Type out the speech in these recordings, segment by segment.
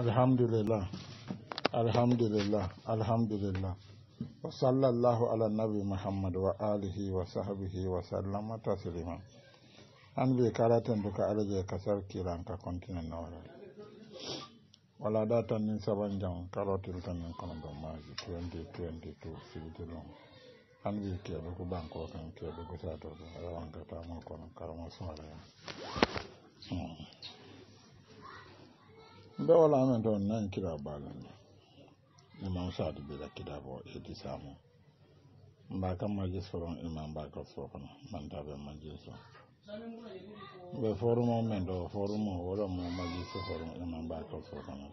alhamdulillah alhamdulillah alhamdulillah wa muhammad wa alihi wa sahbihi wa sallama taslima an kasar kiran ka kontinan na wadda wala datan nin saban jan karotil 2022 be hmm. wala amen to nan kira balande imam sadu bira kidabo e disamo samu kam majlis foron imam ba ko fokono man tabe majlis so be forumo men do forumo wala mo majlis foron imam ba ko fokono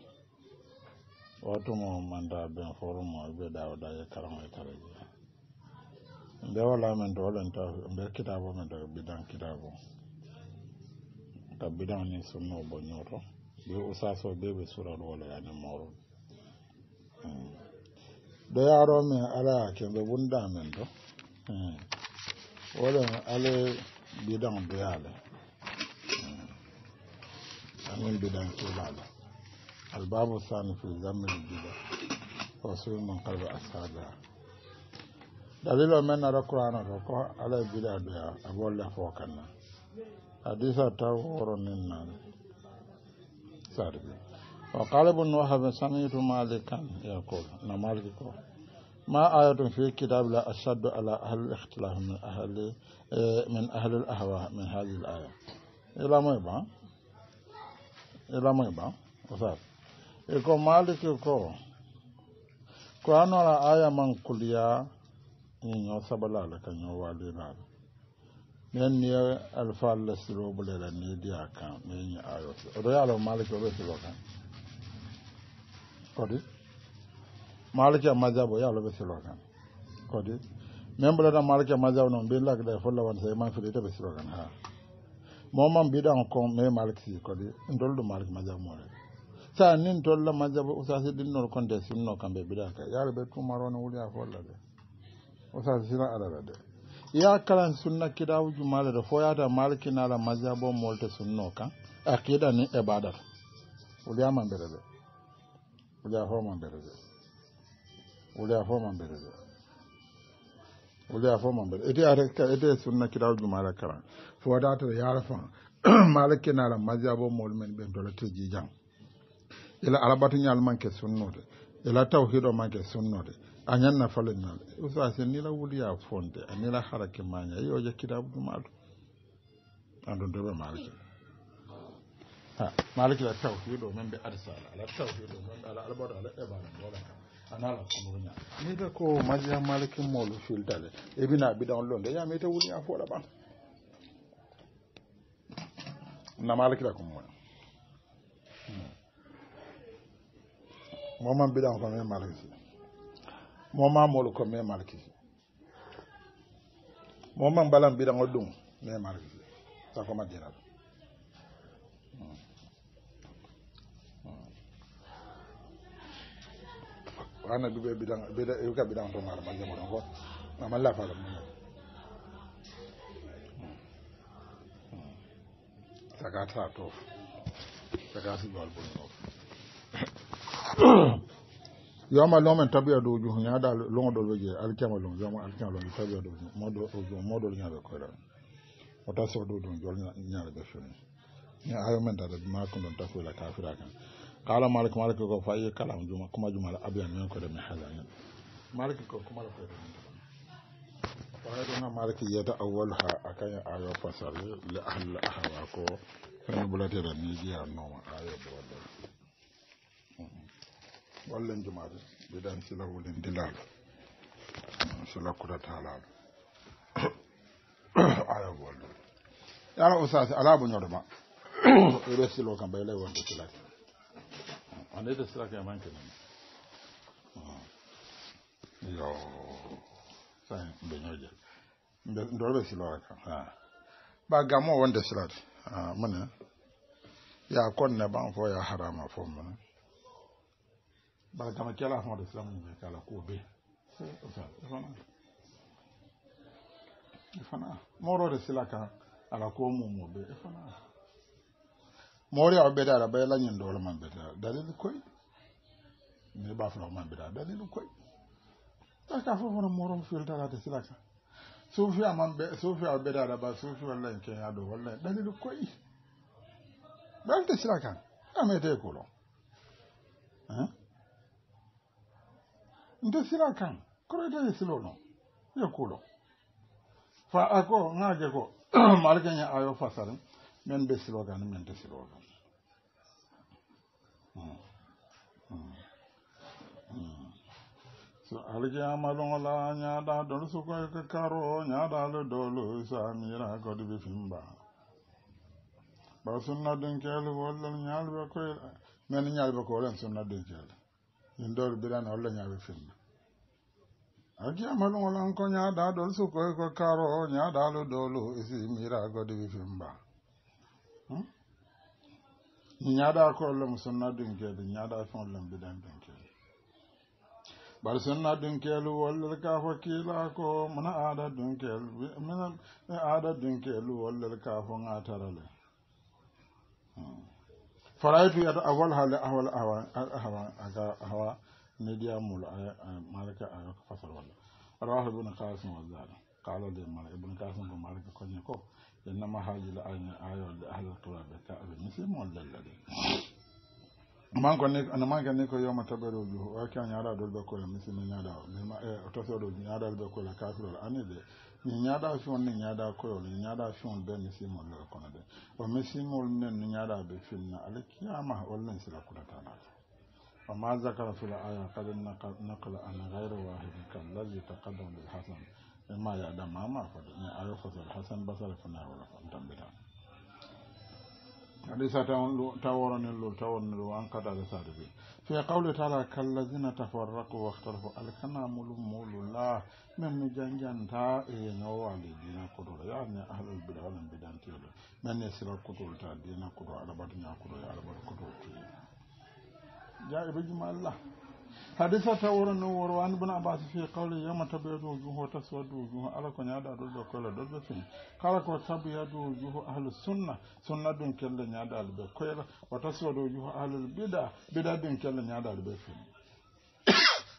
watumo man tabe forumo be dawo da ya karamo e taraji be wala amen to wala ta be kidabo men do bidan kidabo tabbidaŋo niŋ sunnoo bo ñooto be usa so be suralu wala le ye aniŋ moorolu doyaaroo meŋ ala ye ke bunda wundaa meŋ to wo le ala ye bidaŋo amin le aniŋ bidaŋ kiilaa le albaabu saani fi zammil bida wa suwi mun qalbi asada daliloo meŋ na kuraana to ko ala ye bidaa doyaa a be fo حديث تاور النار ساربي وقال ابن وهب سمعت مالكا يقول نمالك يقول ما آية في كتاب لا أشد على أهل الاختلاف من أهل آه، من أهل الأهواء من هذه الآية إلى ما يبان إلى ما يبان وصار يقول مالك يقول على آية من كليا إن يوصب لك إن يوالي لك nen ni alfalle silo bulela ne diya kan min ayoto oɗo yaalo maliki oɓe silo kan kodi maliki a majabo yaalo ɓe silo kan kodi min ɓulata maliki a majabo noon mbin lakda e folla won sey man filite ɓe silo kan ha moman mbiɗan kon mai maliki si kodi dolɗu maliki majabo more sa ni nin tolla majabo usasi ɗinnol konde sinno bi da ka yaalo ɓe tumarone wuli a folla de usasi sina alala de ya kalan sunna kitabu jumala da fo malki na la mazabo molte sunno kan akida ni ibadat uliya man berede uliya fo man berede uliya fo man berede uliya fo man berede ite are ite sunna kitabu jumala karan fo wadata da rafa malki na la mazabo mol men ben dolati jijan ila alabatu nyal manke de ila tawhido manke de a ñanna falen nal usase nila wuliya fonde a nila harake maña yo jakkitabu ɗum aɗu andon doɓe maliki maliki la tawhido men ɓe arsala ala tawhido men ala albaɗo ala eɓala wolaka anala konoña mita ko majiya maliki molu filtale ebina biɗan londe yamita wuliya foɗa ɓan na maliki la ko moya moman hmm. biɗan ko men maliki moma molu ko me marki moma balam bi dango dum me marki ta ko madira wana hmm. dube bidan bida e ka bidan to mar ma jamo ko amma la fa lamu sagata to sagata yol bon yoma lomen tabiya dow ju ñaada loŋoɗol weje alkema loŋ yoma alkema loŋ tabiya modo nya be ko koyɗa o so do do jol nya nya be fewni ni ayo men da ma ko don ta ko la kafira kan kala malik malik ko fa fayi kalam juma kuma juma la abiyan men ko de mi hala haalani malik ko kuma la ko kumala koyɗa men waɗona malik ya yiyata awwal ha akaña ayo fasal le ahla ahwa ko fen bulateɗa ni jiya nooma ayo bowaɗa wallan jumaɗo mbiɗan sila wulin dilal sila kudatalaɗo aya wolɗo yara usasi ala boñoɗoma eɓe silo kam ɓay lay wonde silake andede silake e manke nan yo sai beñoje ndorɓe siloa kam ɓa gamo wonde silate mune ya konne ban fo ya harama fo mune bara kama kela fama da silamu ne ko be fana fana moro da silaka ala ko mu mu be fana mori a beda da bayla nyin dole man beda dalil koy ne ba fara man beda dalil koy ta ka fo fana moro fil da da silaka sufi aman be sufi a beda da ba sufi wallahi ke ya do wallahi dalil koy ba ta silaka amete ko lo eh nte sira kan koro ite silono ye kulo fa ako ŋaje ko malikeñe ayo fasarin men be silo kan men te silo kan so alikiyamaloŋo la ñaada dolu sukoy ke karo ñaadalu dolu ko kodi be fimba ba sunna dunkeelu wollol ñaal be koy men ñaal be ko len sunna dunkeelu min dowri mbiɗani holla ñaawi firna a jiyamaɗum olan ko ñaaɗaɗol sukoy e ko karo ñaaɗalu dowlu isi miragodiwi fimba hmm? mi ñaaɗa ko olla mo sunna dunkeedi ñaaɗa fen olla mbiɗani dunkeedi bar sunna dunkeelu wollel ka fo kiila ko mina aada dunkeel mina aada dunkeelu wollel ka fo ŋaatarale hmm. faraitu yata awal hali hawa diya mulu a fasar wala rawahu ibn qasim wa zara ibn ko ayo muslim ne yoma wa kan yara dol ko muslim nyaada ma eh, ni ñaaɗa feŋol ni ñaaɗa koyol ni ñaaɗa feŋol bee misimol lel kono de o misimol nen ni ñaaɗa ɓe finna ala kiyama wol nen sila kutatanaɗo wa ma zakara fil aya kad nakala an gayre wahidin kallazi taqaddam lil hasan ya yaɗa mama fode ni ayo fasal hasan basare fo nawola fon tambita alisa tawon taworonil ni lu an kada alisade fii في قوله تعالى كالذين تفرقوا واختلفوا الكنا مولو مولو لا من جنجان تا علي دينا كدور يعني أهل البدع من بدان تيلو من يسير كدور تا دينا كدور على بدنا كدور على بدنا كدور جاء بجمع الله hadisata wuro nu wuro wani bin abbas fi qawli yama tabyadu wujuhu wa taswadu wujuhu ala ko nyaada do do kala do do sun kala ko tabyadu wujuhu ahli sunna sunna dun kelle nyaada al be ko yala wa taswadu wujuhu ahli al bida bida dun kelle nyaada al be sun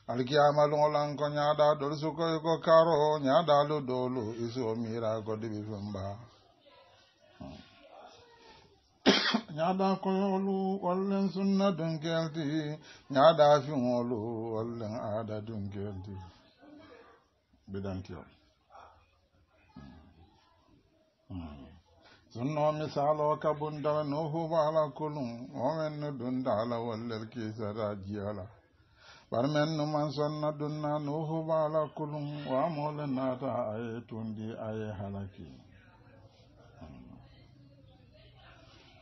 al qiyama lon lan ko nyaada do su ko ko karo nyaada lo do lo iso mira ko dibi fumba ñaaɗa koyoolu wallen sunna dunkelti ñaaɗa fiŋoolu wallen aada dunkelti bidankiol sunnoo misaaloo ka bundala noo hubaala kulum woomen nu dundaala wallel kiisata jiyala bar men nu man sonna dunna noo hubaala kulum waamoole naata aye tundi aye halaki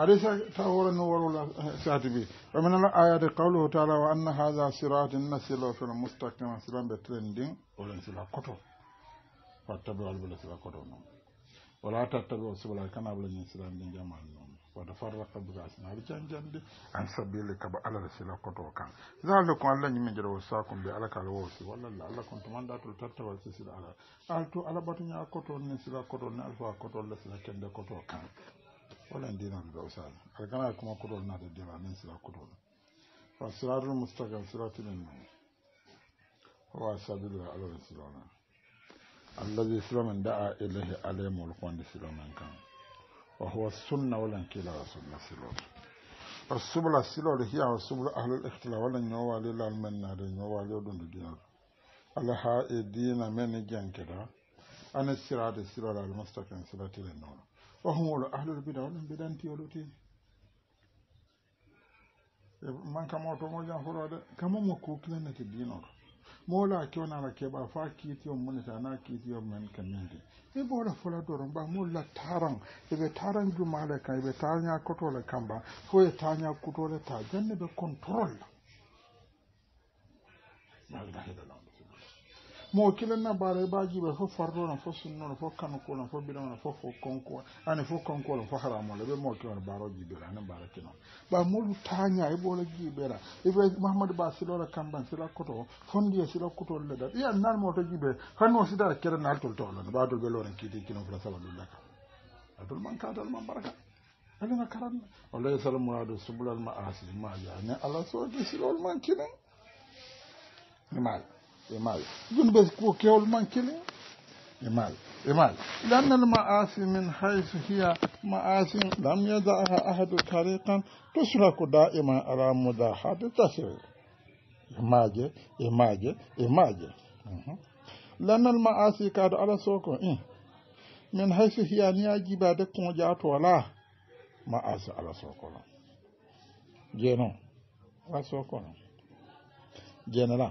حديث فهو النور الكاتبي ومن الآيات قوله تعالى وأن هذا صراط النسل في المستقيم سلام بترندين ولن سلا كتو فاتبعوا البلا سلا كتو ولا تتبعوا سبلا كان بلا نين سلام دين جمال نوم وتفرق بك أسنا بجان جان عن سبيلك بألا سلا كتو كان ذلكم الله نمين جرى وساكم بألك الوسي ولا لا الله كنتم أن داتوا تتبعوا سلا على ألتو ألا باتنيا كتو نين سلا كتو نالفا كتو لسلا كند كتو كان walan dinar kuma kudol na da dira min sira kudol fa sirarul mustaqim siratul huwa sirana sulaman da'a ilahi alayhi da sulaman kan wa huwa sunna walan kila rasulullah sallallahu o hum wolo ahlul bida oɗum bidantiyolu ti e man kamo tomo jam forode kamo mo kukilanete dinoto mola ke ba fa kiitiyo muneta na kiitiyo men kamindi e ɓoola fola doro mba molla taran eɓe taran jumale kan eɓe taña kotole kamba fo e taña kutole ta janne ɓe contrôle la algahiɗalam mo kilen na bara e ba ji ba fo fardo na fo sunno na fo kanu ko na fo bidon na fo fo konko ani fo konko na fo haramo le be mo ki baro ji na bara kino ba mo tanya e bola ji e be ba silo la kamban sila koto fondi e sila koto le da ya nan mo to ji be si dara kera na tol tol ba do be loren kiti kino fra sala dullah adul man ka dal man baraka ala na karan wallahi salamu alaikum ma'asi ma ya ne ala so silo man kinan ni e male junube ko kewol man kelen e male e male lannal ma'asi min haiz hiya ma ma'asin lam yada'aha ahadu tariqan tusraku da'iman ala mudahati tasir e maje e maje e maje lannal ma'asi kaɗo ala soko in min haiz hiya ni a jibade kon jato ma ma'asi ala sokono jeenon ala lá. sokono lá.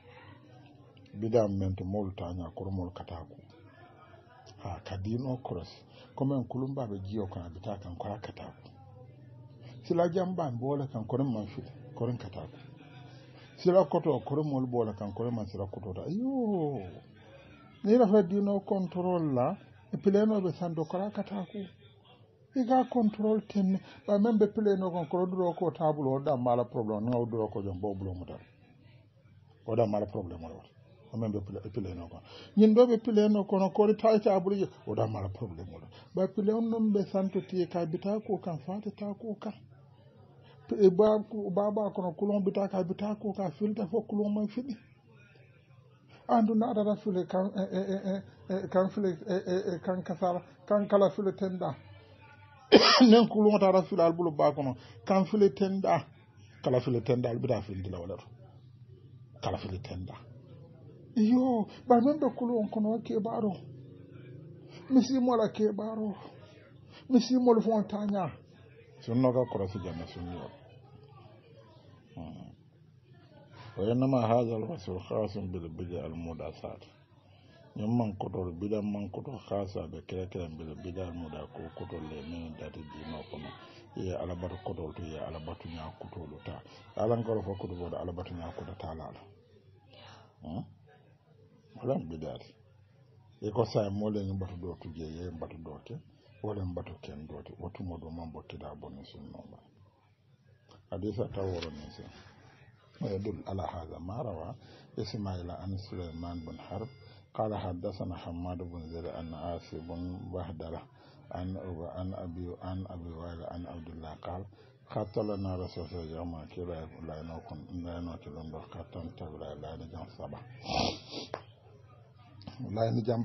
bidan mento molta nya kurmol kataku ha kadino cross kuma en kulumba be jio kana bita kan kwara kataku sila jamban bola kan kurin manfi kurin kataku sila koto kurin mol bola kan kurin man sila koto da yo ni rafa dino controlla e pleno be sando kwara kataku iga control ten ba membe pleno kon kro duro ko tabulo da mala problem ngaw duro ko jom boblo mudal o da mala problem o amen do be pile no ko no ko ta ta tawete o da mara problem oɗo ba pilen noon ɓe santotiye ka bita ko kan ta ko kan baba e kono kulon bita ka bita ko ka filta fof kulon man fiɗi andu naɗata file kan e, e, kan e kan kasara kan kala file tenda nen kulon tata al bulu ba no kan file tenda kala file tenɗa al bita waɗa to kala file tenda. iyo banando kulon kono ke baro. Misi mola ke baro. Misi mol fontanya. Sunno ka korosi janna sunyo. Wa yanma hmm. hadha al-wasl bil al-mudasat. man man kira kira bil al le men dati to nya ta. fo nya ta fulan bidaati e ko sa leen mbatu ɗo tuje ye mbatu ɗo ke wolen mbatu ken ɗote o tumo ɗo man bottiɗa bonni sunnoma hadisa taworo ni sen ويدل على هذا ما روى إسماعيل bun سليمان بن حرب قال حدثنا حماد بن زيد عن عاصي بن بهدلة عن عن an عن أبي وائل عن عبد الله قال kattalana rasoto jama kila layno kon layno kilon ɗo kattan tawla ni jam saba wallahi ni ban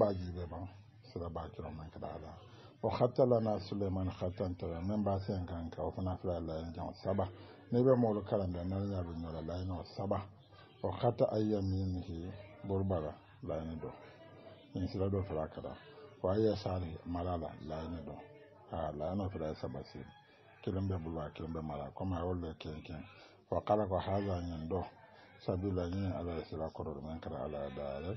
ba kiro man kada ala o hatta lana suleiman hatan nan ba sai kan ka o fana la saba ne be nan ya saba burbara la do in do kada wa ya sari malala la do ha la saba sai kiran be bulwa kiran be kuma kenken wa ko haza do sabila ala sira koror man kada ala da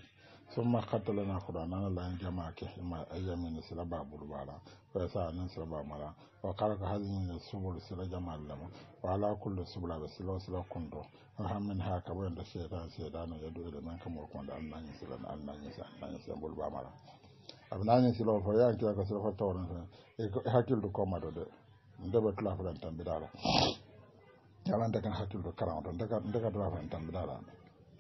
summa kattalana qur'anana la jama ke hima ayyamin sila ba burbara fa sa nan sila ba mara wa karaka hazin da subul sila jama lamu wa ala kullu subula da sila sila kundo alhamdulillah haka bayan da shaitan shaitan ya dole da man kamar kun da Allah ya sila Allah ya sila Allah ya sila ba mara abnani sila fa ya kira ka sila fa tawran fa hakil du koma do de ndaba tula fa tan bidala yalan daga hakil du karam daga daga tula fa tan bidala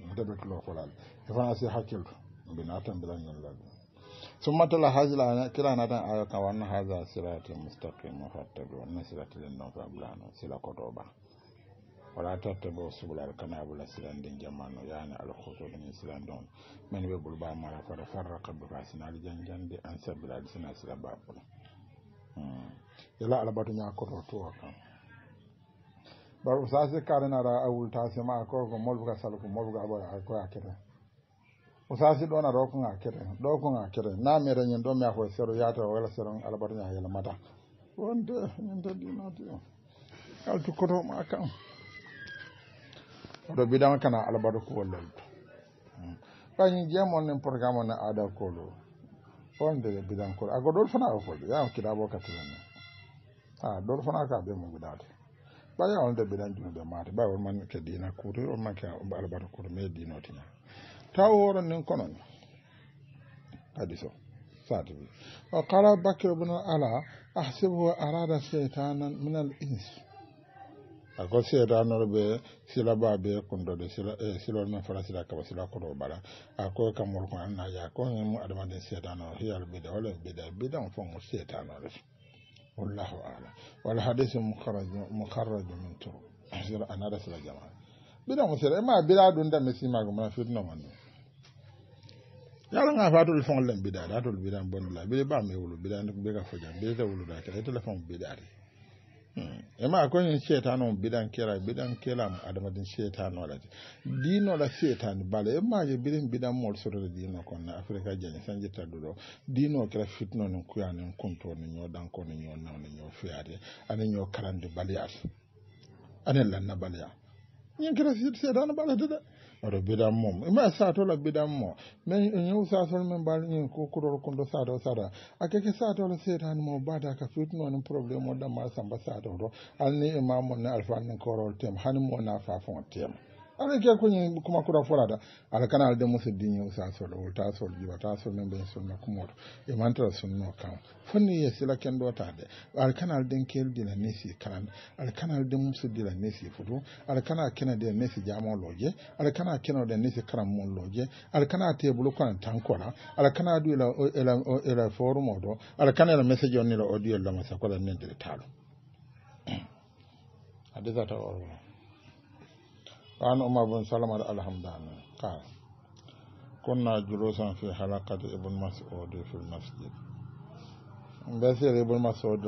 ndaba tula fa lal fa asi hakil du binatan bilan yollagu summa tala hajila kira na tan aya kan wannan haza sirati mustaqim fattabi wannan sirati lan non fa bulano sila kotoba wala tattabo subulal kana bula silandin jamano yani alkhusul min silandon men be bulba mara fa farraqa bi fasinal janjande an sabila sina sila babu yala albatu nya koto to kan baro sase karena ra awul tasima ko ko molbuga salku molbuga abara ko akira o sasi ɗon a ɗokoga kete nga kete na ñin a koye sero yata o wela seron albarña yelamata wonde ñin teddinati o kal tukkotoma kam oɗo bidama kana to hmm. ne aada kolo wonde bidankol ako ɗol fana o a ɗol fana ka ɓe mo guɗade ɓaya onde bidan mate man ke dina man ke taw horon nin konon kadi so satibi wa qala bakr ibn ala ahsibuhu arada shaytanan min al ins ako seetanol be sila ba be kundode de sila e sila fara sila ka sila koɗo ɓala ako kamol kon annaja ko mu adama de adamaden seetanol hiyal de wala de bida bidan fo mo seetanole wallahu alam wal hadith mukharraj mukharraj min turu sira anara sila jamaa bida mo sere ma bida dun da mesi ma gumana fitna man yala nga fatul fon len bida da tul bida bon la bida ba me wulu bida ne be ka foja bida ta wulu da ka telefon bida re hmm. e ma ko ni setan on bidan kera kela mu adama din setan wala dino la setan bale e ma je bidin bidan mol soro dino kon na afrika jani sanje tadudo dino kera fitno non kuya non konto ni nyo dan kon nyo non nyo fiare ani nyo karande ya ani bale ya ñin kira seeɗano ɓalade de oto bidan mum ima satola bidan mo min ñiw satol min mbawi ñin ko kurol kondo sato sada akeke satola seetani ba da ka fitinoni probléme o ɗamma samba sato to alni imamon ne alfanin korol tem hani mo nafa fon tem ala ke kuñi kuma kura forata ala kana ala demo so diñi sa sol wol ta sol jiba ta sol men ɓen sunna kumoto ta e mantara sunno kan fonni ye sila kendo nesi e nesi e nesi jamo loje nesi karam mon loje tankora du ila ila ila forum ila an umar bun salamar alhamdulillah ka kunna julusan fi halakati ibn mas'ud fi masjid mbesir ibn mas'ud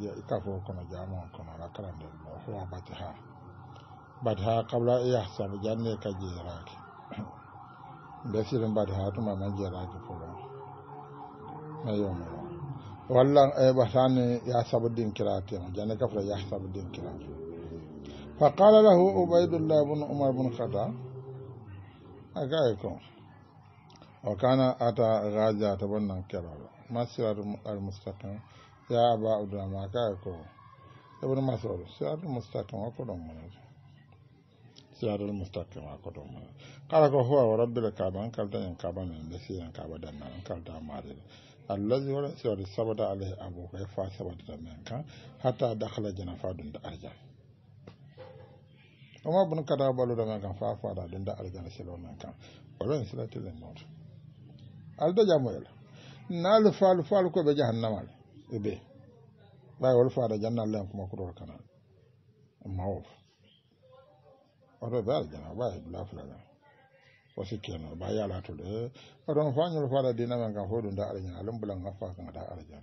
ya ikafo kono jamo kono rakaran de no huwa batha batha qabla yahsab janne kajiraki mbesir batha tuma manjiraki fulo mayomo walla e eh, batane ya sabudin kirati janne kafra ya sabudin kirati فقال له عبيد الله بن عمر بن خطاب أكايكم وكان أتى غاجة تبنى ما مسيرة المستقيم يا أبا عبد الله أكايكم ابن مسعود سيرة المستقيم أقدم منك سيرة المستقيم أقدم منك قال هو ورب الكعبة أنك لدين كعبة من بسير كعبة دمنا أنك لدين مارد allazi wala siyar sabada alaihi abokai fa sabata da minka hatta dakhala janafa dun da arjan oma bun kata baluɗo men kan fa faada ɗum da aljana silo men kan oɗon silatille moto alda fal fal ko be jahannama be e wal fa da faada jannallen kuma kurol kanal da jana ba aljana ɓay lafulagan wasu kenan ba ya latu da fa nyu fa dina dinama kan fodun da arjin alin bulan hafa kan da arjin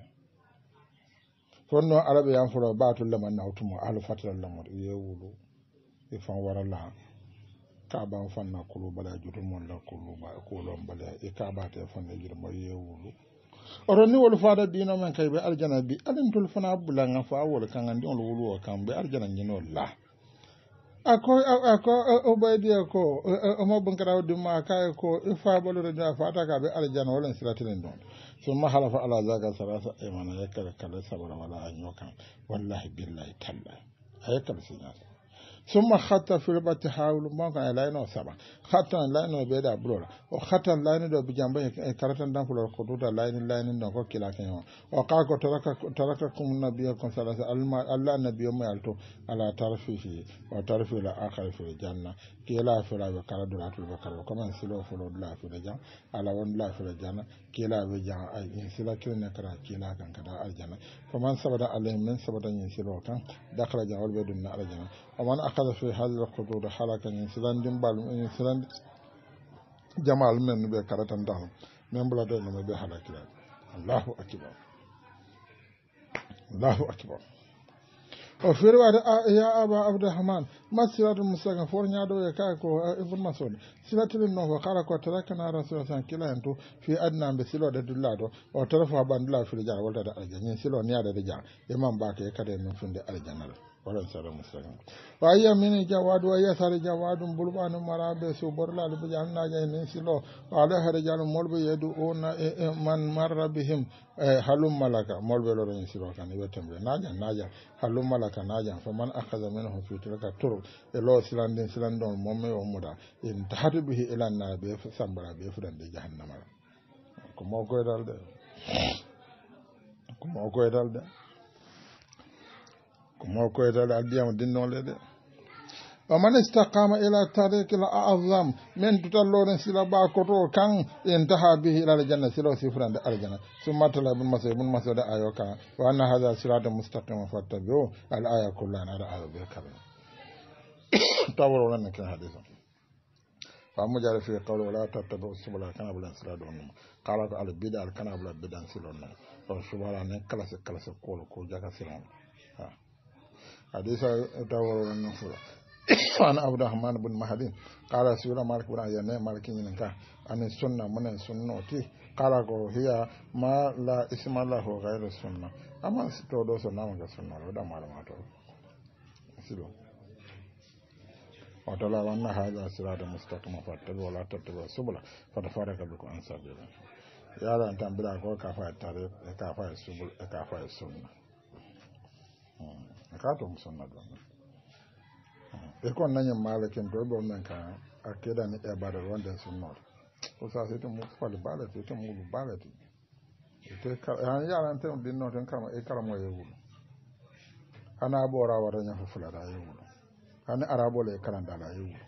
fonno arabe furo ba lamanna laman alfatul lamur yewulu e fan wara la ka ba fan na kulu bala juru mon la kulu ba kolon bala e ka ba te fan ne jirma ye wulu oron ni wol faada dina man kay be aljana bi alantul fana fana nga fa wol kan ngi on wulu kan be aljana no la ako ako o ko bon kraw di ma kay ko ifa e re da ta ka be aljana wala siratin don sun mahalafa ala zaga sarasa imana e yakar kala sabara wala anyo kan wallahi billahi talla ayakar sinasa summa hatta firba ta hawulu mon kan laino saba hatta laino be da blora o hatta laino do bijamba e karatan dan fulor ko duta laino laino do ko kila ken o o ka ko taraka kum nabiyyu kun salasa alma alla nabiyyu mai alto ala tarfihi wa tarfi la akhir fi janna kila fira be kala duratul bakar ko man silo fulor la fi da jan ala won la fi da janna kila be jan ay in sila kila ne kara kila kan kada aljanna kuma sabada alaimin sabada yin silo kan dakhra jawl bedun na aljanna o man akala fi hadhihi alqudur halaka ni silandin bal yin siland jama'al men be karatan dal men bula da do no be halakira allahu akbar allahu akbar o da ya aba abdourahman ma siratu musaga foto ñaɗo e kai ko information de silatilim noon ko kala ko tarakana rasul san kila hen to fi adnambe silode dullaɗo o tara fo ha ɓandula fili dia woltade aljanna ñin silo niyaɗede dia imam bake kadi e min funde aljannala wala da musulmi wa ayya min jawad wa yasar jawadun bulban marabe su borla al bujanna ja min silo wa ala harjal e, e, man bihim e, halum malaka molbe lo ren silo kan ibe tembe naja malaka naja fa man akhadha na fi tilka tur elo silandin silandon momme o muda in tahatu bihi ila nar be sambara be fudan jahannama kuma ko ita da biyan din non le de wa man istaqama ila tariq al a'zam min tutallon sila ba ko to kan in taha bi ila al janna sila sifran da al janna summa tala bin masay bin masay da ayoka wa anna hadha siratun mustaqima fattabi'u al aya kullana ra'a bi kabir tawaro lan kan hadisan fa mu jara fi qawl wa la tattabu subula kana bulan sira don qala al bid'a al kana bulan bid'an sulon don subula ne kala se kala se ko ko jaga sira حديث دور النفور عن عبد الرحمن بن مهدي قال سيرة مالك بن عيان مالك ينكا عن السنة من السنة قال هي ما لا اسم له غير السنة أما ستودو سنة من السنة لو دام على ما تقول وتلا وأن هذا صراط مستقيم فاتبعوا ولا تتبعوا السبل فتفرق بكم عن سبيله yaron tambila ko kafa tare kafa sunna aka to musanna don e kon nañen maalakin ka a keɗani eɓade wonde sunnode ko sa sete mu fali baalati te mulu baalati te an yarante ten karma e karamo e wulo ana ɓora wata ñafo fulata da wulo ani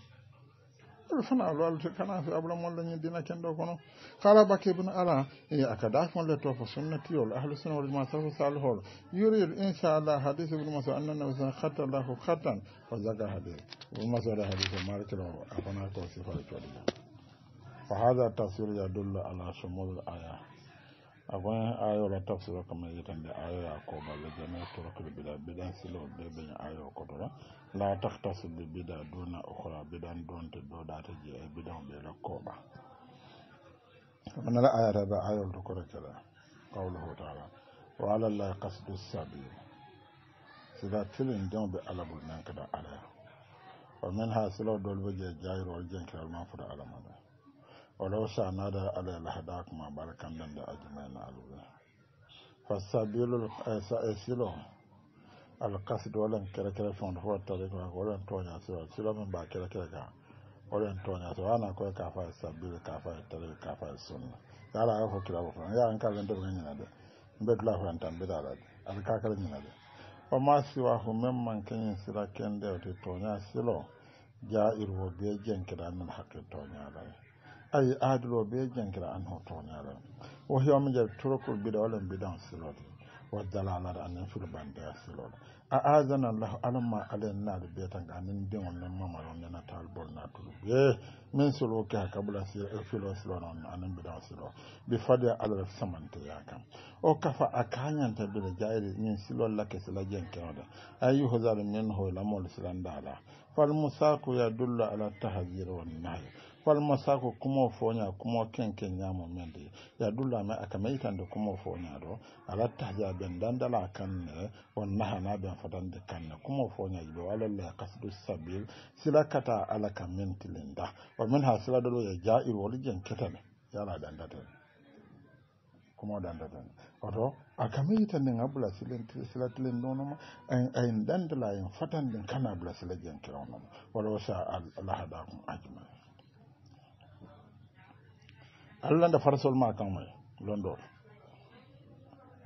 fana lwalte kana la abulamolla dina kendo kono kala bakke bino ala e aka dafonle to fo yol ahlu sunna wal jama safo salihol yurid inchallah hadis ibnu masud annanabi sa hatta llahu hattan o zaga hadis ibnu masud hadis o markilo afana ko sifa coɗi fa hada tafsir dulla ala shumul ayah akwai ayola tafsiro kamar yitande ayoya koballe jami turkil bida bidan silo be beñ ayo kotora la tahtas bi bida duna ukra bidan donte do data je e bidan ɓe la koɓa manala ayata ɓe ayol to kora kela qawluhu taala wa ala llahi kasdu sabil sida tilin jan bi alabul nan kada alaya wa min ha silo dol ɓe je jayirol jenkiral ma fota alamaɗa orosa na da alayla hada kuma barkan nan da ajuma na alwa fasabilu asa asilo alqasid walan kira kira fa wa tariq wa walan tonya sa sila man ba kira kira ga walan tonya sa ana ko ka fa sabilu ka fa tariq ka fa sunna dala ha ko kira ko ya an ka ganda ban yana da bet la fa tan bet ala al ka kala yana da wa ma si wa hu man man kan yin sila kan da to tonya silo ja irwo be jenkira Ayi, adulo be jankira an hoto toñare wo hewama jaɓe turukul bida walen bidan silode wa dalalade anen filbande a silode a azana llahu alamma alen naade be tan anen diŋol nen mamaro nena tal na tulu ye min silo ke ha kabula filo silo non anen bidan silo bi fade alal samante ya kam o kafa a kañanta min jayri la silol lake sila jenkenode ayi hosade min la hoylamol silandala ya dulla ala tahajir wannahyi falmasa ko kumo kuma kumo kenken ñamo men de ya dullame aka da kuma fonya do ala da la dandala kanne on nahana kan ne kuma fonya foña jiɓe walallah qasdu sabil sila kata ala ka tilinda wa min ha sila ɗolo ya jair wolu jen ketene yala dandaten kumo dandaten oto aka ne abula silin sila tilen ɗonoma ayin dandala en din kana abula sila kiran kironoma wala wasa alahadakum ajmain allah da farasol ma kan mai londo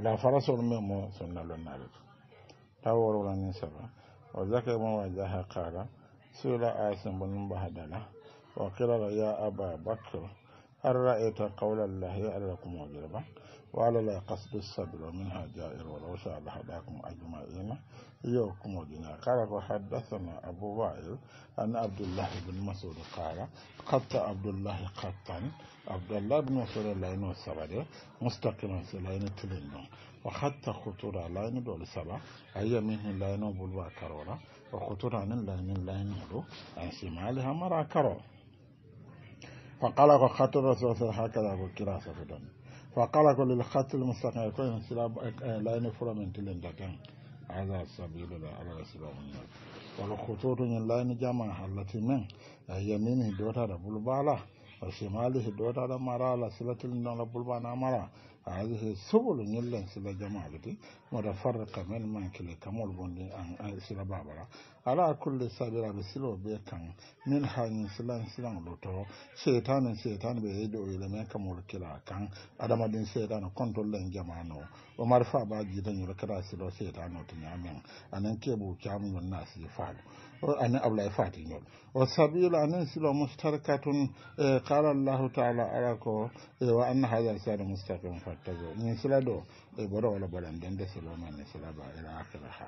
la farasol mai mo sunna lonnare ta woro min saba wa zaka ma wa zaha qala sura asim ba bahadala wa qila ya aba bakr ar ra'aita qawla allahi kuma wajaba وعلى لا قصد الصبر ومنها جائر ولو شاء لهداكم أجمعين إياكم ودنا قال وحدثنا أبو وائل أن عبد الله بن مسعود قال قط عبد الله قطا عبد الله بن مسعود لين السبر مستقيما لين تلين وخط خطورة لين دول سبا أي منه لين بلوا كرولا وخطورة لين لين هدو عن شمالها مرا كرو فقال وخط الرسول هكذا وكراسة دون fa kala ko lil khatil mustaqim ko en sila layne fulamente len dakan ala sabilu la ala sabilu wala khututu nyin layne jama halati men yamini dota da bulbala wa shimalihi dota da marala silatil non la bulbana mara هذه سبل يلا سلا جماعتي متفرقة من من كل كمول بندي أن سلا بابلا ala kulli sabira be silo be kan min hani silan silan loto setan setan be yede ile me kam mur kila kan adama din setan kontrol len jamano o marfa ba ji dan yul kada silo setan o tinyamin anan kebu kyamun yon nasi fal o anan ablay fati nyol o sabila anan silo mustarakatun eh, qala allah ta'ala arako eh, wa anna hadha sirata mustaqim fatazo ni silado e eh, boro wala balan den de silo man ila akhirah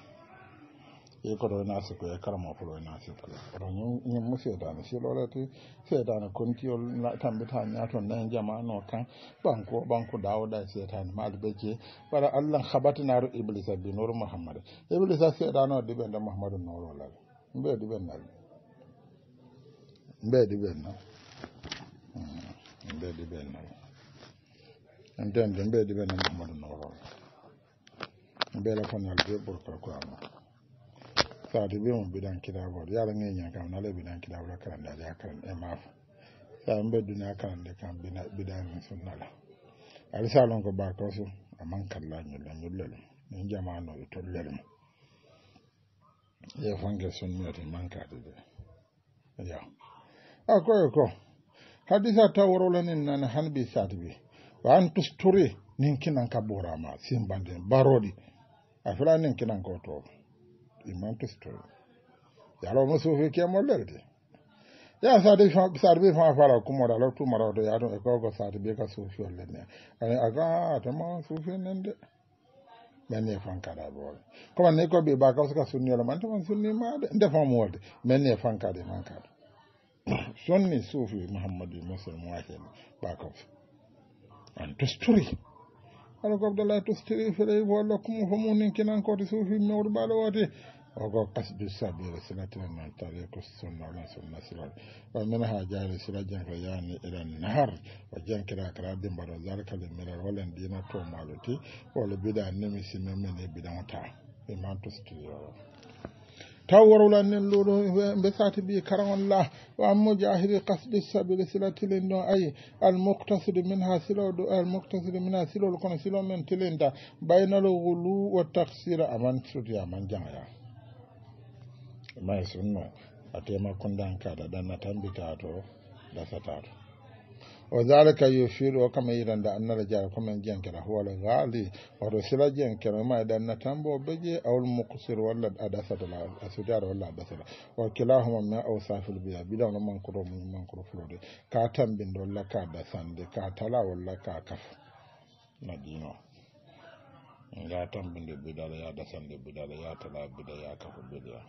yi ko ɗoyna sikku e kara moo ko ɗoyna sikku oto ñin mo seedaani siloreti seedaani kontiyol tambitaa ñaaton nayi jamaano kan ɓanko ɓanko dawoɗa e seetaani maali be cee wala allah habatinaaru iblisa binoru mouhammada iblisa seedaano diɓende mouhammadu noololal mbee diɓennal mbee diɓenna mbee diɓennal ndende mbee diɓenna mouhammadu noolol mbeele ko nal be ɓurkal ko ama karatu ɓe mo biɗan kitaboɗo yaara ge ña kam nala biɗan kitaboɗo karande aɗa ya karande e maafa sa mbe duniya karande kam biɗan sunnala aɗa salon ko ba koso aman kalla ñulla ñullel min jamano e tollel mo ye fanke sunnati mankade de ya a koye ko hadisa tawrolanin nane han bi sati bi wa an tusturi nin kinan ka ɓorama simbanden baroɗi a fira nin kinan ko tooɓo ɗi mankistoro yalawma suufi kemollerde ya sadi sadi ɓe fa fala ya e ka suufi olle ne ani aga de men ko ba man men ba an ala ko abdallah tostiri feɗoy bo allah kumu fo mum nin kinankoti suufi mewɗo ɓaɗo wote ogo asbi sabira silatira man tariku e sunna wala sunna sirat wa min ha jari sira jankira yani ila nahar wa jankira kara dimbaro zalika le mirar dina to maluti wala bida nimisi memene bidanta iman e tostiri yoro taw warolannen ɗo ɗo ɓe sati bi karagollah o wa jahiri kasɗi sabili sila tilin ɗon ayi almuktasidu min ha silo ɗo almuktasidu min ha silol kono silo men tilinta baynal gulu wa taksira aman sudi aman jaya mai sunno atema tema kada ɗannatan mbita to da satato wa zalika yufiru o kama yirande annara jara komin jenkere huwala gali wato sila jenkere ma idan na tambo beje awol mukusir walla adasatala asudara walla adasala wa kilahuma min awsafil biya bidawno mankuro muñum mankuro fulode ka tambinde walla ka dasande ka tala walla ka kaf na dino ya tambinde bidala ya dasande bidala ya tala bida ya kafu bida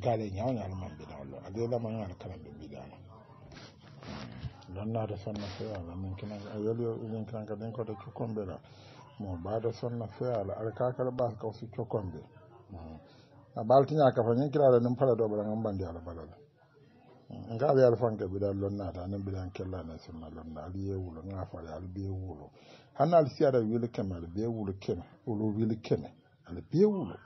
gale ñawñal man bidawlo ade lamañal kala ɓe lonnaade sonna feyaala min kinan a yeliyo inin kinan ka ɗin koto cokkombe la ba baade sonna feyaala aɗa kakala ba ka si cokkombe a ɓaltiña kafa ñin kiraɗe num pala ɗo ɓaɗa gam bandi ala balala ngaaɓe ala fanke mbiɗa lonnaade kella na kellane sunna lonna ali ye wuulo ngafale ala biye wuulo hanno ala si aɗa wiilo keme ala biye wuulo keme olo wiilo keme ala biye wuulo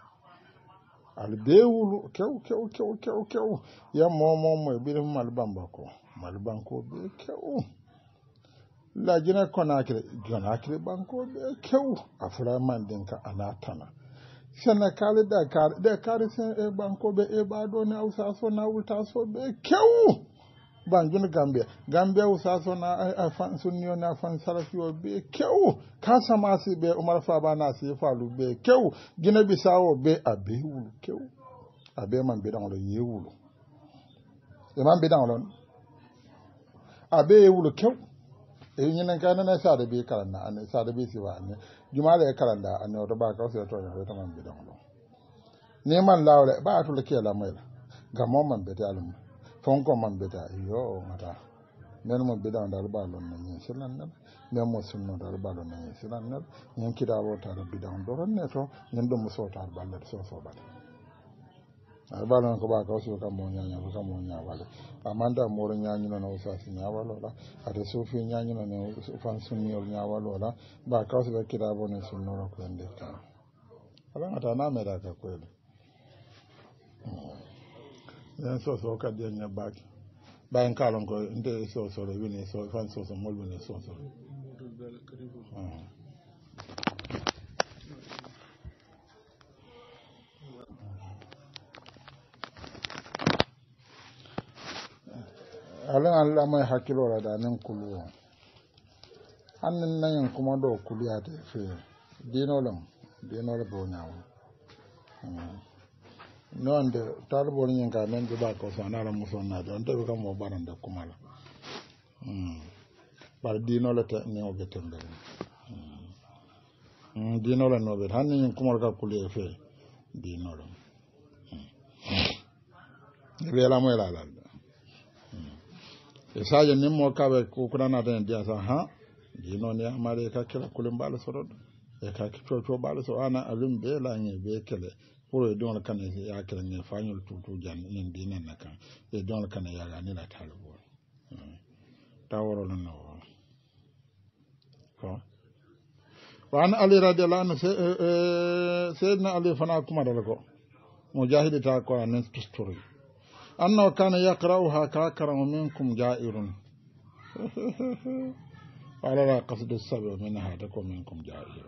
ala biye wuulo kew kew kew kew kew yammo momo e ɓiɗa mum ala bamba ko mali banko be kew lajina konakire jonakire banko be kew a fura mandinka ana tana kare da kare sen e banko be e ɓaɗo ne awsaso na wultaso ɓe kew banjun gambia gambia usaso na e, e, afan sunniyo na afan sarafiyo be kew kasa masi be umar faba na si falu be kew gina bisawo be abe wulu kew abe man bidan lo ye wulu e man bidan lo abe ye wulo kew e eh, ñinen ka nana saade be karanda ane da be siwa ane jumaala e karanda ane oto ba kaw sila ta ɓe taman biɗon ɗo ni man lawre ɓa tula keela mayla gamo man bete alum fonko man bete yo ngata men mo da dal balon na ne silan nan men mo sunno dal balon na ñin silan nel ñin kiɗawo tara biɗon ɗoron ne to mu ɗum mo sotar ballet so soɓate ay balon ko baka ka so ka mo nyanya ko ka mo nya wala amanda moro nyanyi no no sa si nya wala la ate so fi nyanyi no no fan sun ni nya wala la ba ka kira bo ne no ko ende ka ala ngata na me da ka kweli yan so so ka de nya ba bayan kalon ko inde so so re wini so fan so so mol wini so so mm alin allah mai hakilo da danin kulu annin nan kuma do kuliya da fe dinolam dinolam bonyawo hmm. non de tarbol nyin ka men da ba ko sana la muso na don to ka mo baran da kuma la hmm. bar dino ta ne o betem hmm. da dino la no be hanni nyin kuma ka kuliya fe dino la be la mo la la sadio nin mo kaɓe den dia sa ha ne amare ka kira kulin mbaalo sotoɗo e ka coco mbaalo so ana alum be nye be kele pour e ɗon kane yakira ge fañol tutujan nin dinanna kan e ɗon kane yaganira talo hmm. bol lan no ko ana ali radiallah anhu e, e, sayyidna ali fana kumadal ko mo ko anen pistori أنه كان يقرأها كأكرم منكم جائر على لا قصد السبب منها تكون منكم جائر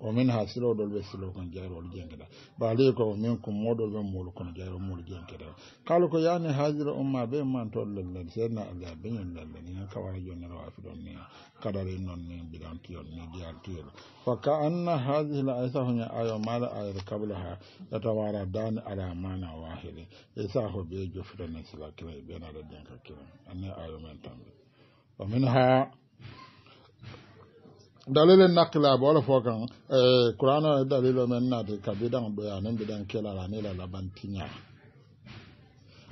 omin ha siloɗol ɓe silo kon jeyrol jengeɗa baali ko min ko moɗol ɓe muulo kono jeyro muulo jengeɗa kala ko yani hajira umma ɓe mantol lellen seedna allah beñol lellen ina kawara jonnere wafi ɗon ni kadari noon min bidantiyol min jeyaltiyol fa ka anna hadihi l isahuña ayo mala ayata kabla ha ƴatawara dani ala mana wahide isaho ɓe jofitone sila kira ɓenaɗa jenka kira anni ayo men tamɓe omin ha dalilin nakila ba la fokan eh qur'ana dalilo men na de kabidan ya nan bidan kila la ne la labantinya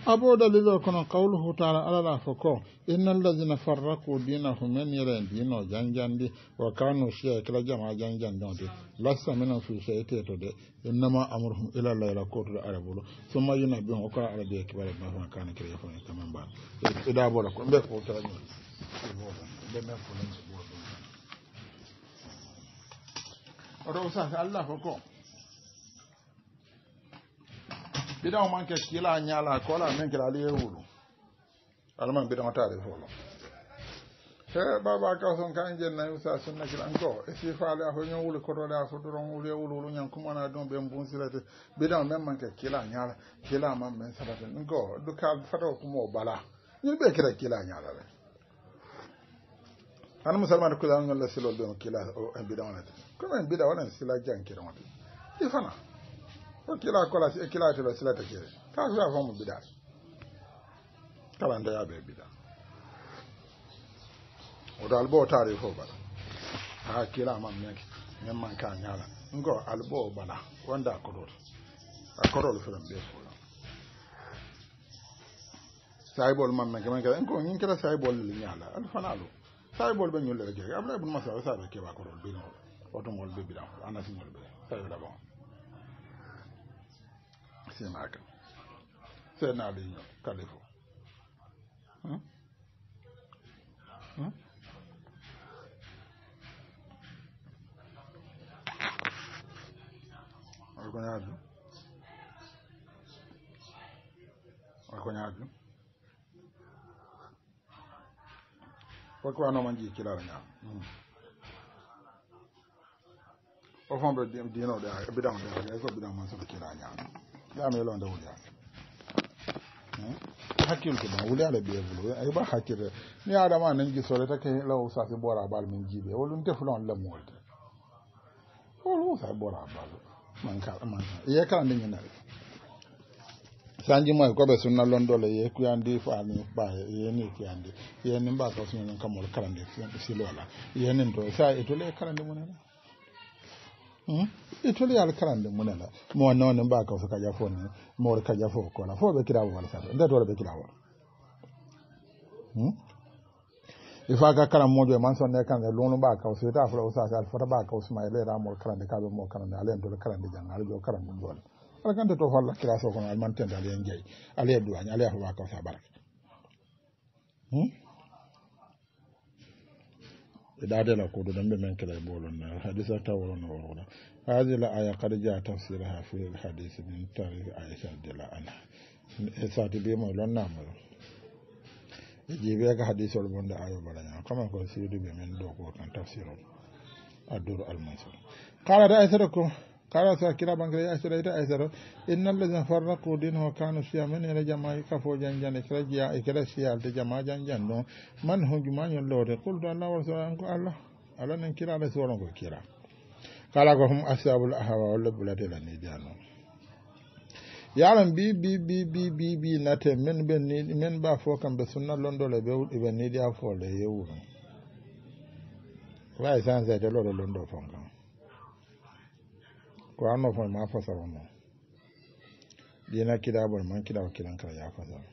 abo dalilo kono hu ta'ala ala la foko innal ladhina farraqu dinahum min yaran dino janjandi wa kanu shi'a kila jama'a janjandi de lasta min fi shay'ati to de innama amruhum ila la la qutu da arabulu thumma yunabbihu wa qara arabiyya kibara ma fa kana kire fa tamam ba ida bo la ko be ko ba be me ko ne bo rosa allah ko ko bidaŋo maŋ ke kila nyala ñaa la a koola meŋ kela ali ye wulu ala maŋ bidaŋo taari foolo he baba ka son kan je na usa sunna kila ko e si fa faale a hoño wulu do la so do wulu ye wulu nyan kuma na don be mbun sirate bidaŋo men man ke kila nyala kila man men sabata meŋ ko du ka fatoo kumoo bala ni be kira kila nyala ñaa an musalman ko musalmani kulaŋol la silol do kila o bidaŋo la te komin bida wannan sila jan kira wata ki fana ko kila kola sai kila ta sila ta kire ka su ya famu bida kalanda ya bai bida wato albo tare fo bala a kila man ne men man ka nyala ngo albo bala wanda akorol akorol filan be fo saibol man men kamen kada ko ngin kira saibol nyala alfanalo saibol be nyulle rege abla ibn mas'ud sabe ke ba akorol bi no otongol ɓe ɓiɗa ana siñol ɓe tawila bon simaka seena aliño kalifo alkoñaaju alkoñaaju fo kuwanoma jii kilala ñaam o fon ɓe dino ɗe bidan ɗe haga ko bidan man soɓe kira ñaama yami londe wuliyade hakkille ko ɗon wuliyade ɓiye bulo e ayba e hakkille ni adama nen gisore take law sasi ɓora bal min jiiɓe wolum defulon lemwolde wolu sa ɓora bal man ka man ye kala ndeñinare sanji moy koɓe sunna londole ye kuyandi fani ɓaye yeni kuyandi yenin mba ka suñonen kamol karande silola yenin e to sa etole karande munena itolu ye alkarande mune la mo nawni mba kawso kaƴa fo ni mawri kaƴa fof kola fof ɓe kirawo wala sata nde tole ɓe kirawo il faut ka karan mojo e man sonne kanade lunu mba kawso ita fula o sasa al fota mba kawso ma ele ramol karande kaɓe mo karande ala en tole karande jang ala jo karan ɗum jole ala kante to fo allah kiraso kono almantende ala en jeeyi ala e duwañ ala e fofa kawso a barake hmm? ɗaadela koɗo ɗan ɓe men kela e ɓoolon nayo hadis a tawolono wowla haadi la aya kad jaa tafsira ha fi hadis min tarihi aicha radiallla anha e sati bimo lonnamaɗo e jiɓeega hadisol bonde ayo baɗañaa kama ko siduɓe men ɗo ko kan tafsir addour almansor qalat aisata ko kawa sa kira bangare ya sira ita aisaro innal ladina farraqu dinahum kanu siyaman ila jama'i kafo janjane kira jiya e kira siyal de jama'a janjan don man hujuma nyon lode qul do allah wa rasul ko allah ala nan kira ala so ko kira kala ko a ashabul ahwa wala bulade la ni a yaran bi bi bi bi bi bi nate men ba fo kambe sunna londole be wudi ben ni dia fo le yewuro wa sanse de lodo londo fonkan ko an nɔfɛ maa fasara o ma diɲɛ kida bɔ man kida o kelen kala ya fasara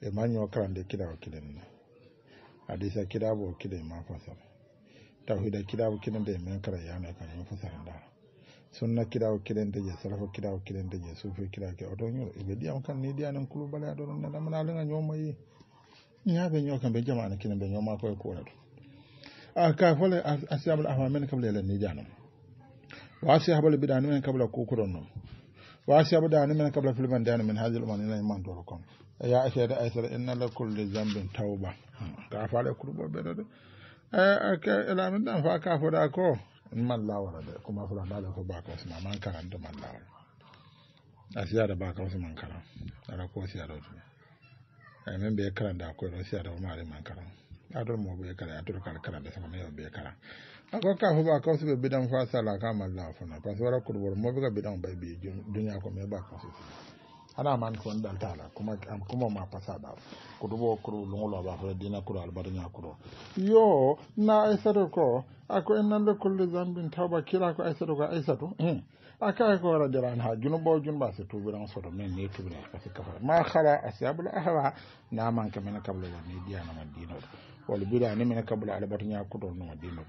e ma ɲɔ kalanden kida o kelen na hadisa kida bɔ kelen ma fasara tawhida kida bɔ kelen da men kala ya na kan yin fasara da sunna kida o kelen da je salafa kida o kelen da je sufi kida ke odon yo e be diam kan ni dianan kulubala do na da mana lenga nyoma yi ñaaɓe ñoo kamɓe jamana kine ɓe ñooma koye kuwona ɗum a ka fole asiyabul ahma men kam ni janom wasi habal bidanu men kabla kukuron no wasi abdanu men kabla filman danu min hadil man ina iman doro kon ya ake da aisar inna la kulli zambin tauba ka fara kurbo be da eh ka ila dan fa ka fara ko in man lawara da kuma fara da da ba ka usman man karan da man lawara asiya da ba ka usman karan ala ko siya da wato ai e, men be karan da ko siya da umar man sama ko ka huba ko sibe bidan fa sala ka malla fana pas wara kurbor mo ka bidan bay bi dunya ko me ba ko ana man ko dan tala kuma kuma ma pasa da ko dubo kuru lungulo ba fa dina kuru albarnya kuru yo na aisar ko ako en nan kullu zambin ba kira ko aisar ko aisatu hmm. aka ko wara jaran ha junu bo jun ba se tubiran so do men ne tubira ka se kafara ma khala asyabul ahwa na man ka men kabla ne diya na madino wal bida ne men kabla albarnya kuru no madino